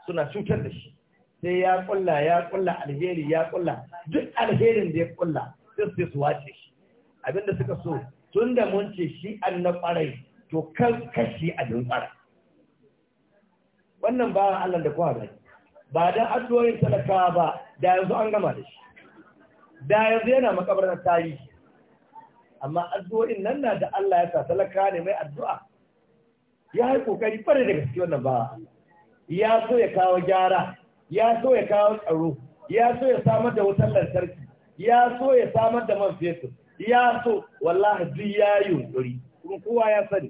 Speaker 1: suna cutar da shi sai ya ƙulla ya kulla alheri ya kulla duk alherin da ya kulla sai sai su wace shi abinda suka so tun da mun ce shi an na kwarai to kan kashi abin kwarai wannan bawan Allah da kowa bai ba don addu'o'in talakawa ba da yanzu an gama da shi da yanzu yana makabarar tarihi amma addu'o'in nan na da Allah ya sa talakawa ne mai addu'a ya yi kokari fara da gaske wannan ba ya so ya kawo gyara ya so ya kawo tsaro ya so ya samar da wutar lantarki ya so ya samar da man fetur ya so wallahi duk ya yunkuri kuma kowa ya sani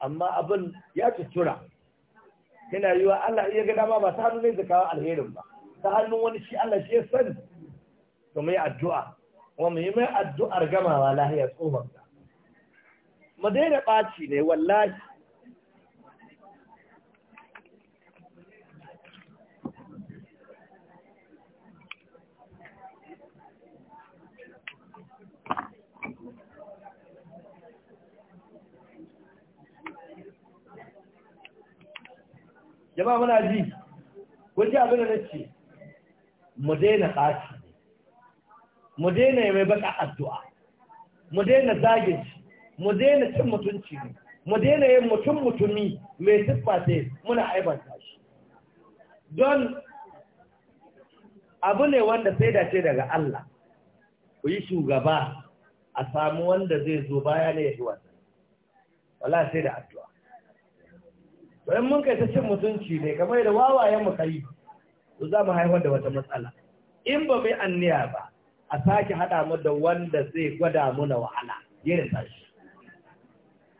Speaker 1: amma abin ya cutura. yana yiwa Allah iya ga dama ba ta hannu ne zakawa alherin ba ta hannun wani shi Allah shi ya sani to yi addu'a kuma mu mai addu'ar gamawa lahiya tsohon ka mu daina ɓaci ne wallahi jama muna ji kun ji abin da na nace mu daina tsaci mu daina mai baka addu'a mu daina zagin mu daina cin mutunci mu daina yin mutum mutumi mai siffa ce muna aibanta shi don abu ne wanda sai da ce daga Allah ku yi shugaba a samu wanda zai zo baya ne ya yi wannan wala sai da addu'a bayan mun kai ta cin mutunci ne kamar da wawayen mu kai to za mu haifar da wata matsala in ba mai anniya ba a sake haɗa mu da wanda zai gwada muna wahala ya rasa shi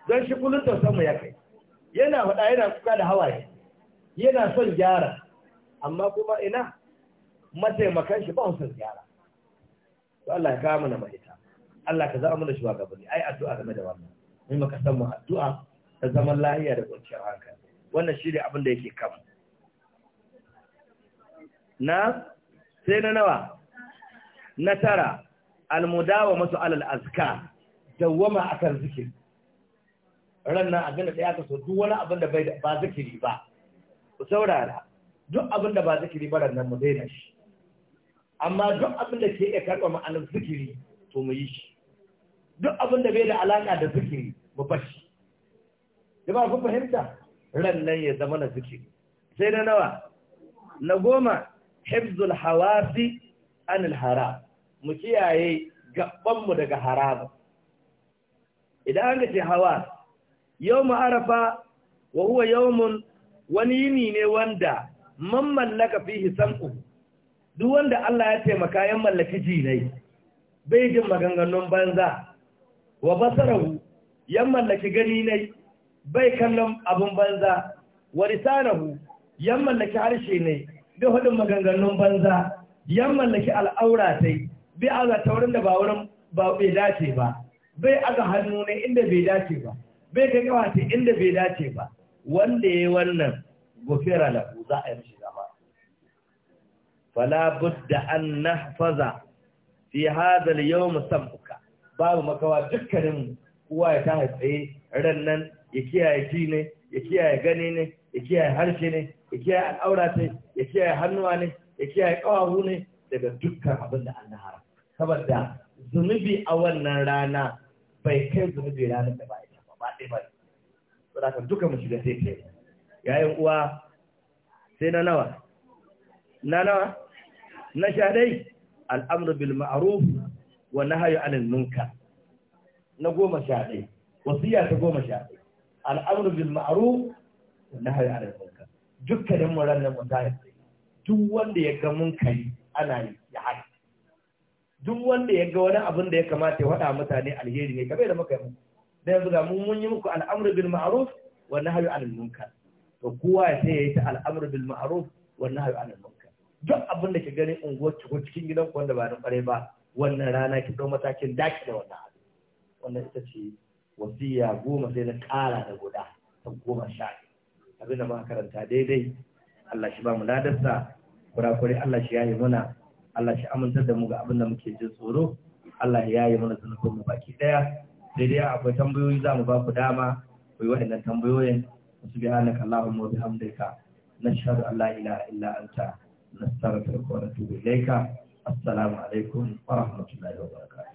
Speaker 1: don shi kullum ta mu ya kai yana fada yana kuka da hawaye yana son gyara amma kuma ina mataimakan shi ba su son gyara to Allah ya kawo mana mahita Allah ka za mana shugabanni ai addu'a game da wannan mun maka san mu addu'a ta zaman lahiya da kwanciyar hankali wannan shi ne abin da yake kama na sai na nawa na tara almudawa masu alal azka dawwama kan zikiri rannan abin da ya kaso duk wani abin da ba zikiri ba ku saurara duk abin da ba zikiri ba rannan mu daina shi amma duk abin da ke iya karɓar ma'anar zikiri to mu yi shi duk abin da bai da alaƙa da zikiri mu bashi. shi ba ku fahimta ran nan ya zama na zikiri sai na nawa na goma hifzul hawasi anil haram mu kiyaye gabanmu daga haram idan an gace hawa yawmu arafa wa huwa yawmun wani yini ne wanda man mallaka fihi sam'u duk wanda Allah ya taimaka yan mallaki jinai bai jin maganganun banza wa basarahu yan mallaki gani nai bai kallon abin banza wa lisanahu yan mallaki harshe ne bi hudun maganganun banza yan mallaki al'aura bi a aza wurin da ba wurin ba bai dace ba bai aga hannu ne inda bai dace ba bai kai ta inda bai dace ba wanda yayi wannan gofera lahu za a yi shi zama. fala budda an nahfaza fi hadha al-yawm sabka babu makawa dukkanin kowa ya ta tsaye ran ya kiyaye ji ne ya kiyaye gani ne ya kiyaye harshe ne ya kiyaye al'aura ce ya kiyaye hannuwa ne ya kiyaye ƙawahu ne daga dukkan abin da Allah haram saboda zunubi a wannan rana bai kai zunubi ranar da ba ita ba ba ba saboda duka mu shiga sai ce yayin uwa sai na nawa na nawa na sha dai al'amru bil ma'ruf wa nahyu anil munkar na goma sha dai wasiya ta goma sha dai? al'amru bil ma'ruf na hari ala munkar dukkanin mu ran mu ta duk wanda ya ga munkari ana yi ya hada duk wanda ya ga wani abin da ya kamata ya faɗa mutane alheri ne kamar da muka yi da yanzu ga mun yi muku al'amru bil ma'ruf wa nahyu 'anil munkar to kowa ya sai yayi ta al'amru bil ma'ruf wa nahyu 'anil munkar duk abin da ke gani unguwar ki ko cikin gidan ku wanda ba na kware ba wannan rana ki dau matakin daki da wannan abin wannan ita ce wasiya goma sai na ƙara da guda ta goma sha abinda ma karanta daidai Allah shi ba mu ladarsa kurakuri Allah shi yayi muna Allah shi amintar da mu ga abin da muke jin tsoro Allah ya yayi mana zunubin mu baki daya daidai akwai tambayoyi za mu ba ku dama ku yi waɗannan tambayoyin subhanaka allahumma wa bihamdika nashhadu an la ilaha illa anta nastaghfiruka wa natubu ilayka assalamu alaikum wa rahmatullahi wa barakatuh